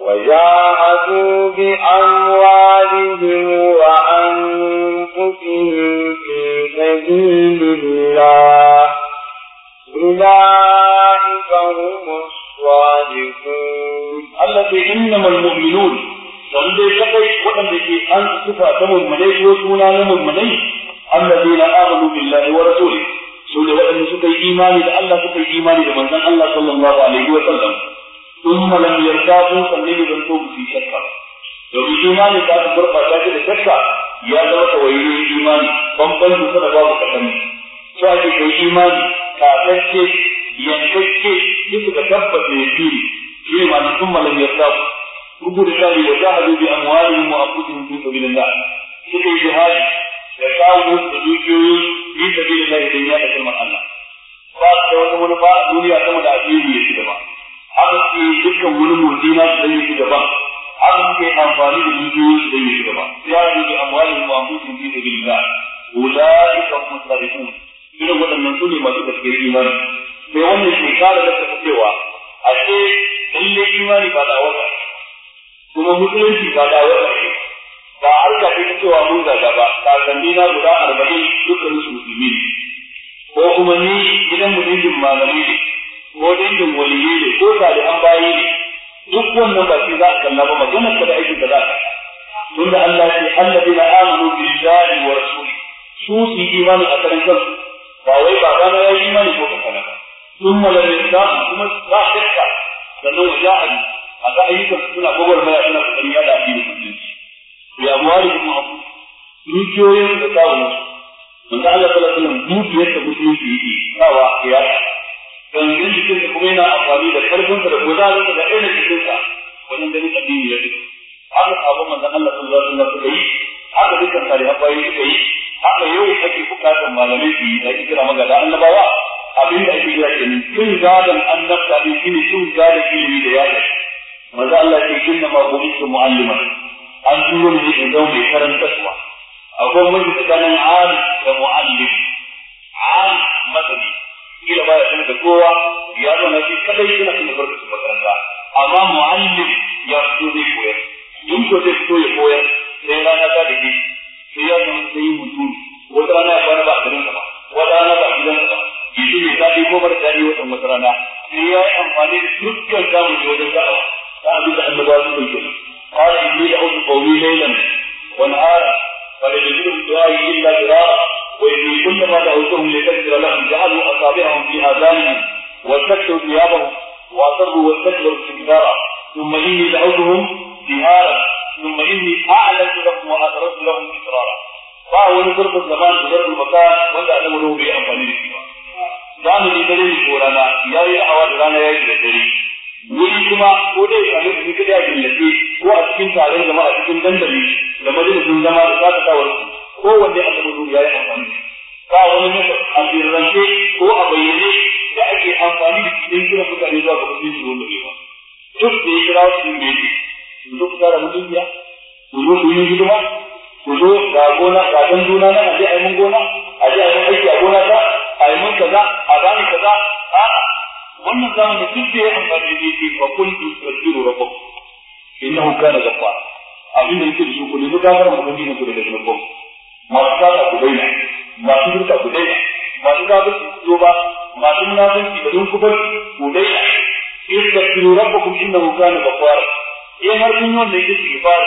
وجاهدوا بأموالهم وأنفسهم في سبيل الله أولئك هم الصادقون التي إنما المؤمنون wanda ya kawai waɗanda ke an sufa ta murmunai ko suna na murmunai alladheena amanu billahi wa rasulihi su ne waɗanda suka yi imani da Allah suka yi imani da manzon Allah sallallahu alaihi wa sallam thumma lam yartadu sannan ne zan to su shakka domin imani da aka gurbata shi da shakka ya zama tawaye imani bambanci sana babu kasani su ake kai imani kasance yankacce duk suka tabbata ya fili shi ne ma thumma lam yartadu yi jihadi da kawunan da dukiyoyin fi sabili na idan ya da kalmar Allah ba su da wata wani ba a duniya sama da addini ya ci gaba haka yi dukkan wani motsi na su dan ya ci gaba haka suke amfani da dukiyoyin su dan ya ci gaba ya yi da amwalin ma'amudin fi sabili na ulaika hum sarifun irin waɗannan su ne masu gaskiyar imani sai wannan kare da ta cewa a ce lalle imani ba da wata kuma musulunci ba da wata ce da an ka cewa mun gagaba kakanni na guda arba'in dukkan su musulmi ko kuma ni gidan mu dangin malami ne ko dangin waliyi ne ko an bayi ne duk wannan ba shi za a kalla ba magana ka da aiki da za ka tun da Allah ce annabi na amanu billahi wa rasuli su su imani a kan kansu ba wai ba ba na yi imani ko ka kana sun malami da kuma za a shirka sannan wajahari a ga ayyukan suna mai suna kokarin yada addinin musulunci ya amwari mu abu dukiyoyin da kawo nasu manzo Allah sallallahu alaihi wasallam dukiyar da musulunci yake kawa ya gangan jikin da kuma yana amfani da karfin da gozarin da ainihin jikin sa wannan ganin addini ya fi haka sabon manzon Allah sallallahu alaihi wasallam suka yi haka dukkan kare bayi suka yi haka yau ake bukatar malamai su yi da ake kira magada annabawa abin da ake kira kenan kin zadan annabta ne shine kin zadan ilimi da yaya Maza Allah ya ce inna ma bu'itu mu'alliman an turo ne da zama mai kuwa akwai mun tsakanin al da mu'allim al masani kila ba ya san da kowa ya zama shi kadai yana cikin su makaranta amma mu'allim ya fito zai koyar duk ko zai fito ya koyar sai rana ta da shi sai ya zama sai yi mutum wata rana ya kwana ba a garin ba wata rana ba a gidan ba yanzu mai daɗi ko bar daɗi wata wata rana sai ya yi amfani da dukkan samun wajen da'awa ta abin da annabawa su yi kenan قال إني لأقول قومي ليلا ونهارا فلم يجدهم دعائي إلا فرارا وإني كلما دعوتهم لتكفر لهم جعلوا أصابعهم في آذانهم واستكثروا ثيابهم وأصروا واستكبروا استكبارا ثم إني دعوتهم جهارا ثم إني أعلنت لهم وأسررت لهم إكرارا فهو نصرت الزمان zaman المكان gurbin baka wanda a zama bai amfani يا shi ba. Zamani يا ne wuri kuma ko dai a samu shi kada ya killace ko a cikin taron jama'a cikin dandali da majalisun zama da ta wani ko wanne a samu ya yi amfani ba wani ne a firance ko a bayyane da ake amfani da cikin kira mutane zuwa ga mutunci wanda bai ba duk da ya kira su ne su zo da mutum ya su zo ku yi hidima su zo ga gona ga dan juna na a je a yi mun gona a je a yi aiki a gona ta a yi mun kaza a bani kaza a'a wannan zamani duk da ya amfani da yake fa kun tusiru rabbakum innahu kana ghaffara abin da yake da shi ku nemi gafara ubangiji ku daga zunubanku masu sata ku daina masu zurta ku daina masu kafirci ku zo ba masu munafiki da dunkubar ku daina istaghfiru rabbakum innahu kana ghaffara in eh, har kun yi wannan istighfar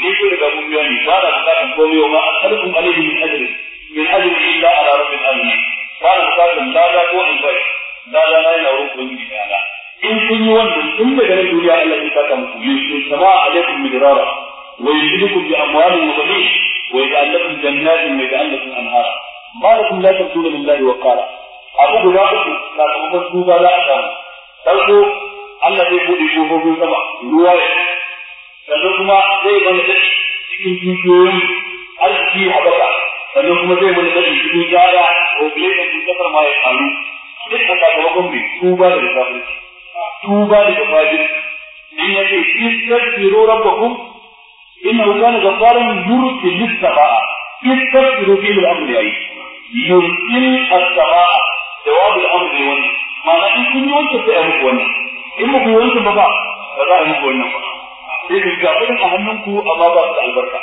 ne ku daga mun biya ni ba da bukatun komai ma asalakum alaihi min ajrin min ajrin illa ala rabbil alamin ba da bukatun lada ko albashi da da na yana wurin ubangiji da Allah in kun yi wannan in bai ganin duniya Allah zai saka muku yushin sama a alaikum midrara wa yushidukum bi amwalin wa banin wa yaj'al lakum jannatin wa yaj'al lakum anhara ma lakum la tarjuna lillahi wa qara abu guda uku na kuma duba za a samu farko Allah zai buɗe kofofin sama ruwa ya sannan kuma zai mana dashi cikin dukiyoyi arziki haɓaka sannan kuma zai mana dashi cikin jada ko bilayya cikin kasar ma ya karu duk da sakamakon mai tuba da kafirci tuba da kafirci dan yake istaghfiru rabbakum innahu kana ghaffaran yursil as-samaa fi al-amri ay yursil as-samaa jawab al-amri wani ma'ana in kun yi wancan sai a muku wani. in muku yi wancan ba ba ba za a muku wannan ba sai ku ga kudin a hannunku amma ba su da albarka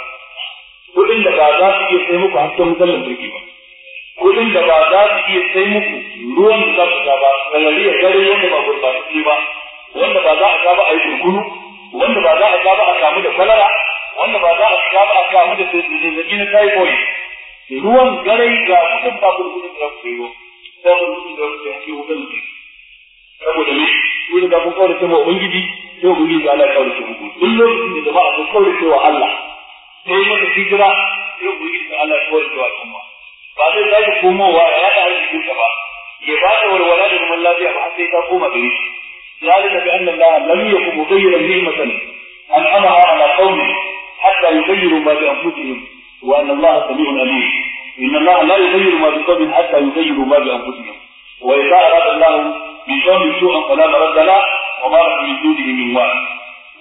kudin da ba za su iya sai muku hasken wutar ba kudin da ba za su iya sai muku ruwan da za su sha ba galariya gare wanda ba gurbatacce ba wanda ba za a sha ba a yi turkuru wanda ba za a sha ba a samu da kalara wanda ba za a sha ba a samu da ta na typhoid ruwan gare ga kudin ba gurbatacce da su yi ba gurbatacce da su yanke wutan da saboda me ku da ta kaurace ma ubangiji sai ubangiji ta Allah ya kaurace muku duk lokacin da jama'a sun kaurace wa Allah sai maka hijira sai ubangiji ta Allah ya kaurace wa ba. ba zai يقوموا ولا ya yada arzikin ka ba ya ba ta walwala تقوم zaman lafiya ba ذلك بأن الله لم يكن مغيرا نعمة أنعمها على قوم حتى يغيروا ما بأنفسهم وأن الله سميع أليم إن الله لا يغير ما بقوم حتى يغيروا ما بأنفسهم وإذا أراد الله بقوم سوءا فلا مرد له وما له من دونه من واحد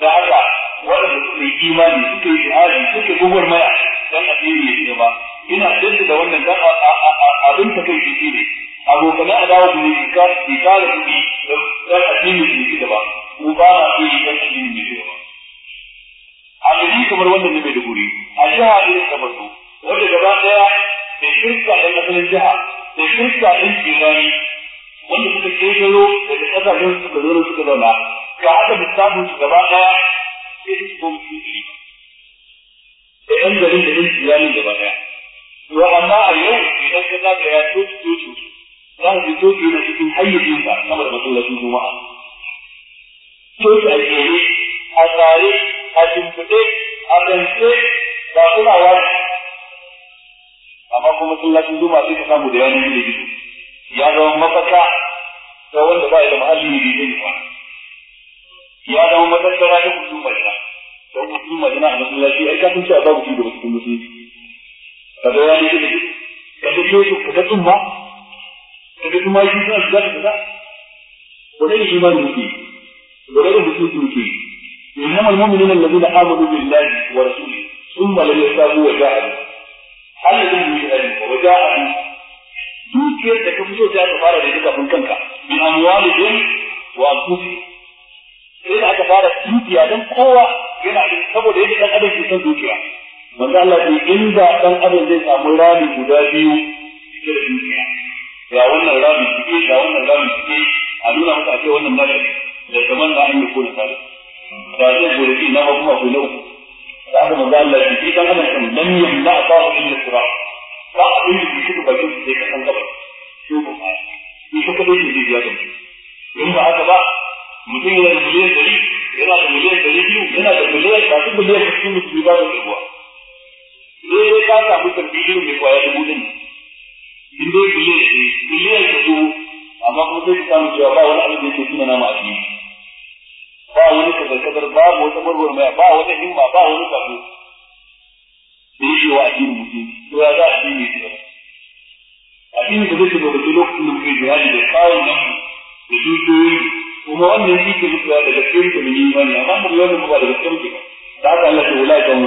فهذا waɗanda suka yi imani suka yi ما suka gugwar maya don addini ina tsaye da wannan dan abin ta kai shi ne abokan adawa da ne ka ki da shi dan addini ne da ba, ko ba na so shi ne ba a gari kamar wannan ne da guri a jiha ne kamar su wanda gaba daya da shirka da asalin jiha da shirka din kimani wanda suka kejaro daga kasashen suka zo suka zauna ga haka lissafin su gaba daya sai su ko su da yan garin da yin iyali gaba daya to amma a yau idan ka zaga ya toci toci za ka ji toci na cikin hayyacinsa sama saboda masallacin juma'a toci a jere a tsare a shimfiɗe a ɗance ba kulawa ne amma kuma masallacin juma'a sai ka samu da yawan gida gido ya zama mafaka ga wanda ba ya da muhalli ne bai ba ya zama matattara ta hukun ta. don hukun na a masallaci ai kafin ci a babu ci gaba cikin musulunci ka ga wani ne ka ga shi ka ga tsumma ka ne imani yake wani ne mutum yake إنما المؤمنون الذين آمنوا بالله ورسوله ثم لم يرتابوا وجاهدوا الذين يجاهدون وجاهدوا dukiyar da ka fi so ta fara da duka kun kanka bi amwalihim wa anfusihim sai da aka fara dukiya dan kowa yana da yadda dukiya manzo Allah ce inda dan adam zai samu rami guda biyu cike da dukiya ga wannan rami cike ga wannan rami cike a nuna masa a ce wannan na da kamar da an yi ko da sare da zai gurbi na kuma ko na uku da aka manzo Allah ce shi dan adam kan lam yamna ba illa sura ba a yi shi ba shi sai ka san gaba shi ba shi ka kado shi ya ga in ba haka ba mutum yana da miliyan dari yana da miliyan dari biyu yana da miliyan ɗari biyu yana da miliyan ɗari ba da ruwa dole ka samu tarbiyyar mai kwaya dubu din in dai biliyan ce biliyan ta dubu amma kuma sai ka samu cewa ba wani abin da yake suna nama a biyu ba wani kadar-kadar babu wata marwar ba wata himma ba wani sabo da yake wa addinin mutum to ya za a addini ne addini da zai lokacin da muke jihadi da kawo nan da kuma wannan shi ke mutuwa daga cikin da mun yi imani amma mu ba daga cikin da haka Allah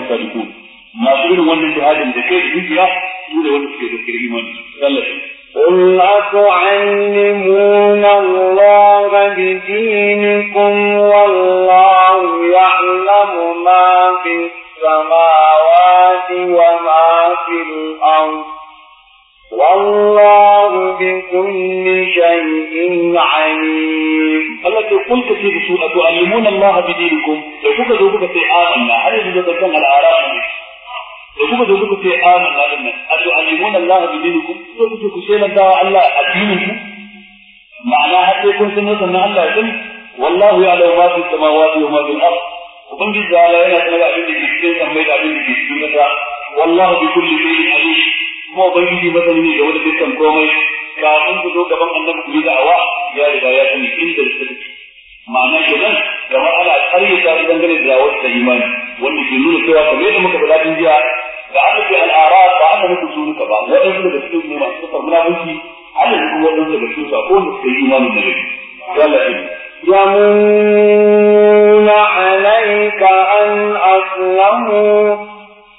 sadiku masu irin wannan jihadin da kai da dukiya su da wanda suke gaskiyar imani sallafi قل أتعلمون الله بدينكم والله يعلم ما في السماوات وما في الأرض والله بكل شيء عليم التي قلت في رسول أتعلمون الله بدينكم لو كنت ذوقك في آمنا هل يجب أن الآراء da kuma da kuka ce amin na din a ato alimun Allah bi ku ko kuke ku sai da Allah addinin ku ma'ana har sai kun san sannan Allah ya sani wallahu ya'lamu ma fi samawati wa ma fil ard ubangiji da Allah yana sanar abin da ke cikin sammai da abin da ke cikin ƙasa wallahu bi kulli shay'in alim kuma ubangiji masani ne game da dukkan komai kafin ku zo gaban annabi ku yi da'awa ya riga ya sani inda da suka ma'ana kenan kamar ana ƙaryata dangane da wata da imani wanda ke nuna cewa kamar yadda muka faɗa jiya da an nufi al'ara ba an nufi usulika ba waɗansu daga cikin su ne masu sifar munafunci an nufi kuma waɗansu daga cikin su a kowane su yi imanin da gari. يمنون عليك أن أسلموا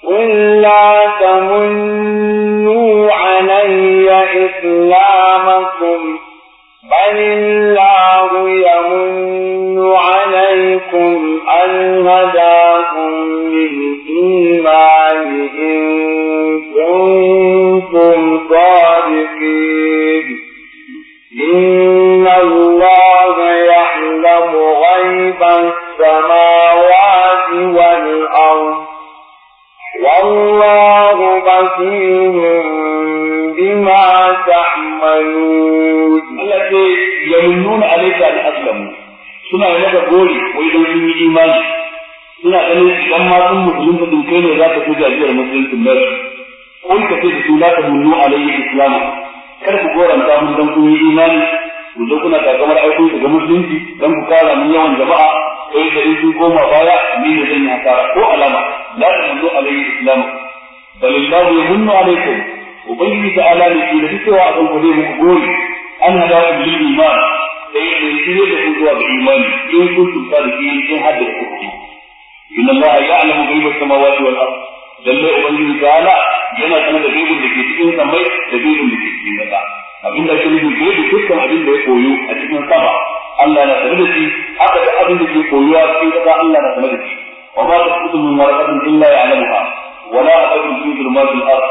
قل لا تمنوا علي إسلامكم بل الله يمن عليكم أن هدى والله بصير بما تعملون التي يمنون عليك أن أسلموا suna yi maka gori wai don sun ta munnu alayhi islamu kar ku goranta mun imani ku kuna takamar aiko ku musulunci dan ku yawan jama'a yi gari sun koma baya ni ne zan yi hasara ko alama za ta mundu alayhi islamu balillahu yamunnu alaikum ubangiji ta ala ne ke da cewa a kan ku zai muku gori an hada ku lil iman sai da shi ne da ku zuwa ga imani in kun tuka da shi in hada ku inna allaha ya'lamu sama samawati wal ardh lalle ubangiji ta ala yana sanar da gaibin da ke cikin samai da gaibin da ke cikin kasa abin da shi ne dukkan abin da ya koyo a cikin sama Allah na sanar da shi haka da abin da ke koyuwa cikin kasa Allah na sanar da shi wa ma tasqutu min waraqatin illa ya'lamuha wa la aqadu fi dhulumatil ard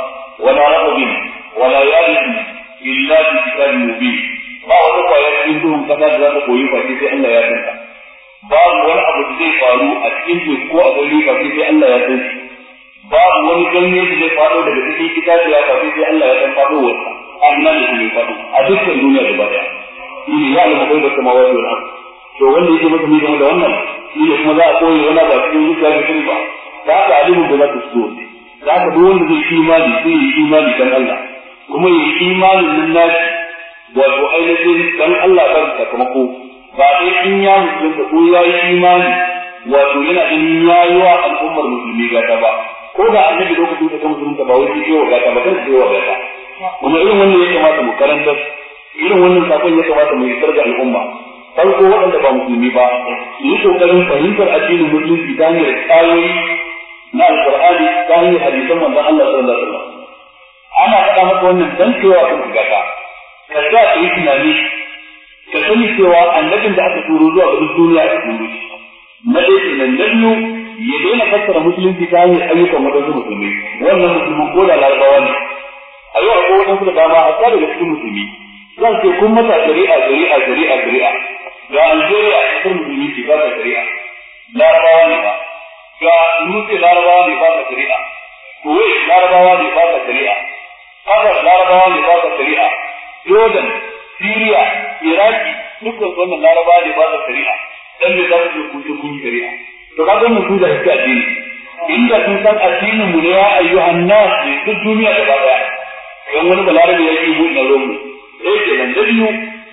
wa la raqabin wa la yabin illa bi kitabin mubin ba wata kwayar cikin duhun kasa da za ta koyi face sai Allah ya san ba wani abu da zai faru a cikin teku ko a gari face sai Allah ya san ba wani ganye da zai daga cikin kitabiya Allah ya a dukkan duniya shine ya alama kai da samawati wal ard to wanda yake masa ne game da wannan shine kuma za a koyi wani ba cikin zuciya da ba. da aka alimu da zaka so ne da aka duk wanda zai imani sai ya imani dan Allah kuma ya imani nan shi, wato ainihin dan Allah ba ta sakamako ba dai in ya musulunta ko ya yi imani wato yana da ya yi wa al'ummar musulmi gata ba ko da annabi lokacin da ta musulunta ba wai sai ya wa gata ba kan sai ya wa gata kuma irin wannan ya kamata mu karanta irin wannan sakon ya kamata mu yi ga al'umma farko waɗanda ba musulmi ba su yi kokarin fahimtar addinin musulunci ta hanyar tsayoyi na alƙur'ani ta hanyar hadisan manzon Allah sallallahu alaihi ana faɗa maka wannan dan cewa kun ka gata ka sa ka yi tunani ka sani cewa annabin da aka turo zuwa ga duniya a cikin musulunci na ɗaya kenan na biyu ya daina fassara musulunci ta hanyar ayyukan waɗansu musulmi wannan musulmi ko da larabawa ne a yau akwai waɗansu da dama a tsari da cikin musulmi za su kun mata shari'a shari'a shari'a shari'a ga Algeria kasar musulmi ce ba ta shari'a larabawa ne ba ga Nusi larabawa ne ba ta shari'a Kuwait larabawa ne ba ta shari'a Qatar larabawa ne ba ta shari'a Jordan Syria Iraki dukkan wannan larabawa ne ba ta shari'a dan ne za su kun kun shari'a to kaga mutum da shi addini inda sun san addinin mu ne ya ayyuhan nas duk duniya da a dan wani balarabi ya yi buɗe na romu sai eh, ke nan da biyu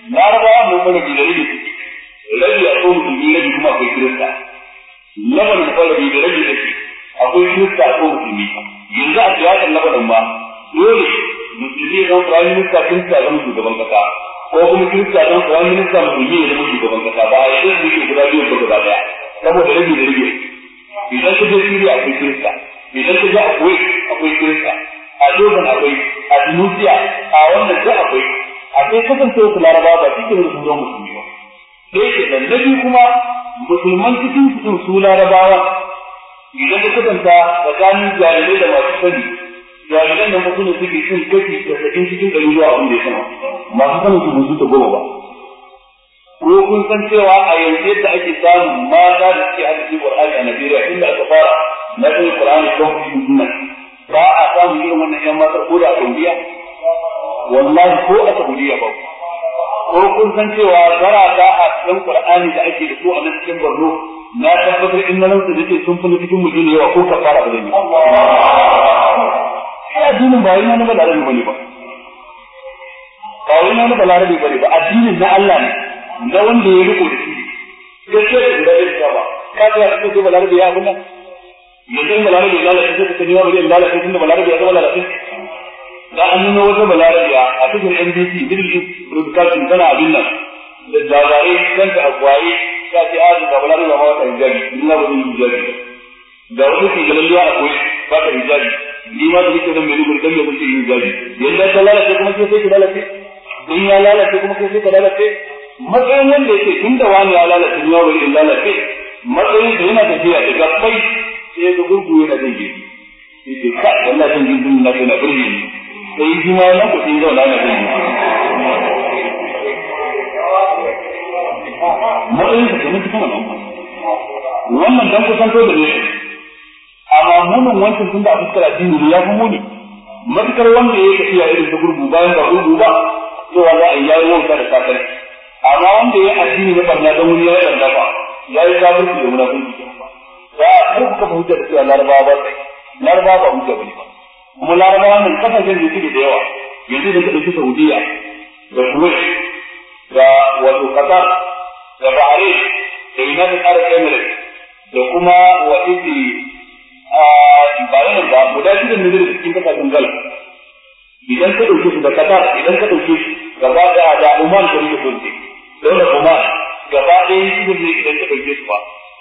na larabawa mun mana bi da rabi rabi a tsohon musulmi rabi kuma akwai kirista laban da fara bi da rabi ake akwai kirista a tsohon musulmi yanzu a tiyatar labarin ba dole musulmi zan firayim minista kirista zan shugaban kasa ko kuma kirista zan firayim minista musulmi ya zama shugaban kasa ba a yanzu muke guda biyu ba gaba daya saboda rabi da rabi idan ka je Siriya akwai kirista idan ka je akwai akwai kirista a Jordan akwai a Tunisia a wannan da akwai akwai kasancewa su laraba ba cikin su don musulmi ba sai ke da nabi kuma musulman cikin su su larabawa idan ka kasanta tsakanin jarirai da masu sani jariran da mutum suke cin kashi da sakin cikin ɗari zuwa abin da ya sama masu sanin su musu ta goma ba ko kun san cewa a yanzu yadda ake samun mata da suke hadisi Qur'ani a Najeriya inda aka fara na ɗaya Qur'ani don kuma ba a samun irin wannan 'yan mata ko da a Gombiya wallahi ko a ya babu ko kun san cewa ta a cikin Qur'ani da ake da su a nan cikin barno na tabbatar in nan da dake sun fi cikin mujin yawa ko kafara ba zan yi Allah addinin ba yana na balarabi bane ba ba wai na balarabi bane ba addinin na Allah ne na wanda ya riko da shi ya ce da da ba ka ga da balarabi ya abun nan yanzu balarabi ya lalace sai ka ji ba bari lalace tunda balarabi ya zama lalace da an nuna wata balarabiya a cikin NBC Middle East Broadcasting tana abin nan da labarai kan ta akwaye ta ce ah, a da balarabiya ma wata hijabi in na yi hijabi da wani ke ganin ruwa akwai ba ta hijabi ni ma da nake nan mai rubuta mai kuke hijabi yadda ta lalace kuma ke sai ki lalace in ya lalace kuma ke sai ka lalace matsayin wanda yake tun da wani ya lalace ni ma bari in lalace matsayin da yana tafiya da gabbai sai ga gurguwa yana zai Ita ka wallahi zan yi na kai na burge ni sai shi ma wannan kuɗi zauna na zai yi matsayin ka kuma cikin al'umma wannan dan kusanto da ne amma munin wancan tunda a fuskar addini ne ya fi muni matukar wanda ya tafiya irin ta gurgu bayan ba gurgu ba cewa za a yi yayi wauta da kafir amma wanda ya addini na barna don wuri ya yarda ba ya yi kafirci da munafiki ba za a karfafa da cewa larabawa ba larabawa ba hujja ba akwai larabawa nan kasashen da suke da yawa yanzu da ɗauki saudiya da kuwait da wato qatar da bahrain da united arab emirates da kuma waɗanda ba yana ba guda shidan ne da cikin kasashen gulf idan ka ɗauke su da qatar idan ka ɗauke su gaba ɗaya da oman ka rike sun ce dole oman gaba ɗaya shidan ne idan ka ɗauke su ba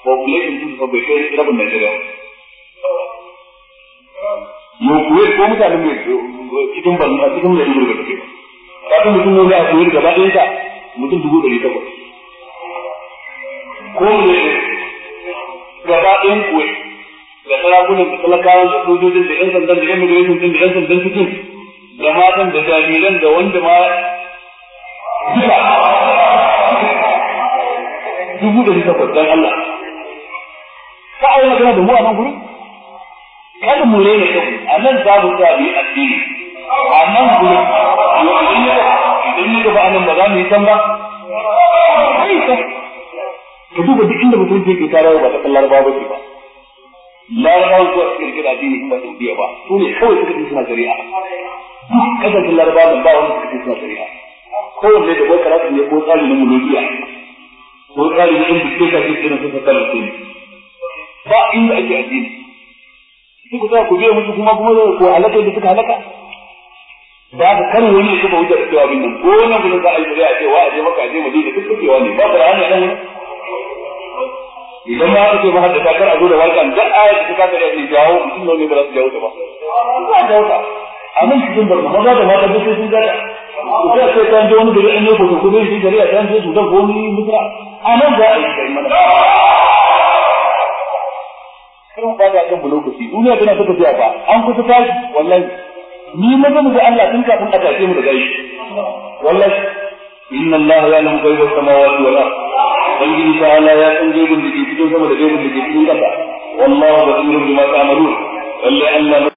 population sun fa bai kai rabin najeriya ba Mun kuwait ko mutanen mai cikin ban a cikin mai yuri da ke ba kafin mutum mun ga kuwait gaba ɗayan ta mutum dubu ɗari takwas ko ne gaba ɗayan kuwait da sarakunan da talakawan da sojojin da 'yan sandan da 'yan immigration din da 'yan sandan cikin da matan da jariran da wanda ma duka dubu ɗari takwas don Allah ka aure magana da mu a nan gurin Kada mu rena kanmu a nan za mu tsaya yi addini a nan gurin yau idan ya idan a nan anan ba za mu yi can ba ka duba duk inda mutum ke tarawa ba ta kallar babu ce ba larabawan zuwa cikin rikida addini kuma saudiya ba su ne kawai suka fi suna shari'a duk kasashen larabawan ba wani suka fi suna shari'a kowanne da wata rasu ne ko tsari na mulogiya ko tsari na inda ke kafin suna sassa kalar ba inda ake addini suka sa ku biya musu kuma kuma ku alaka da suka halaka ba ka kan wani da kuma wajen da cewa bin nan ko wannan gudun za a yi ce, cewa a je maka a je madina duk kukewa ne ba fara hana nan idan ba aka ce ba hadda takar a zo da warkan dan ayat da ta da ne jawo mutum ne ba za su jawo ta ba ba jawo ta amma cikin barka maza da mata duk sun gada ko da sai kan je wani gari an yi ko shi zai a dan je su da gomi mutra anan za a yi kai mana sai ba da kan lokaci duniya tana ta tafiya ba an kusa tashi wallahi ni ga Allah tun kafin a tashi mu da gaishe wallahi inna Allah ya lamu samawati wal ard ta ya san gaibun da ke cikin sama da da ke cikin wallahu basirun bima ta'malun wallahi Allah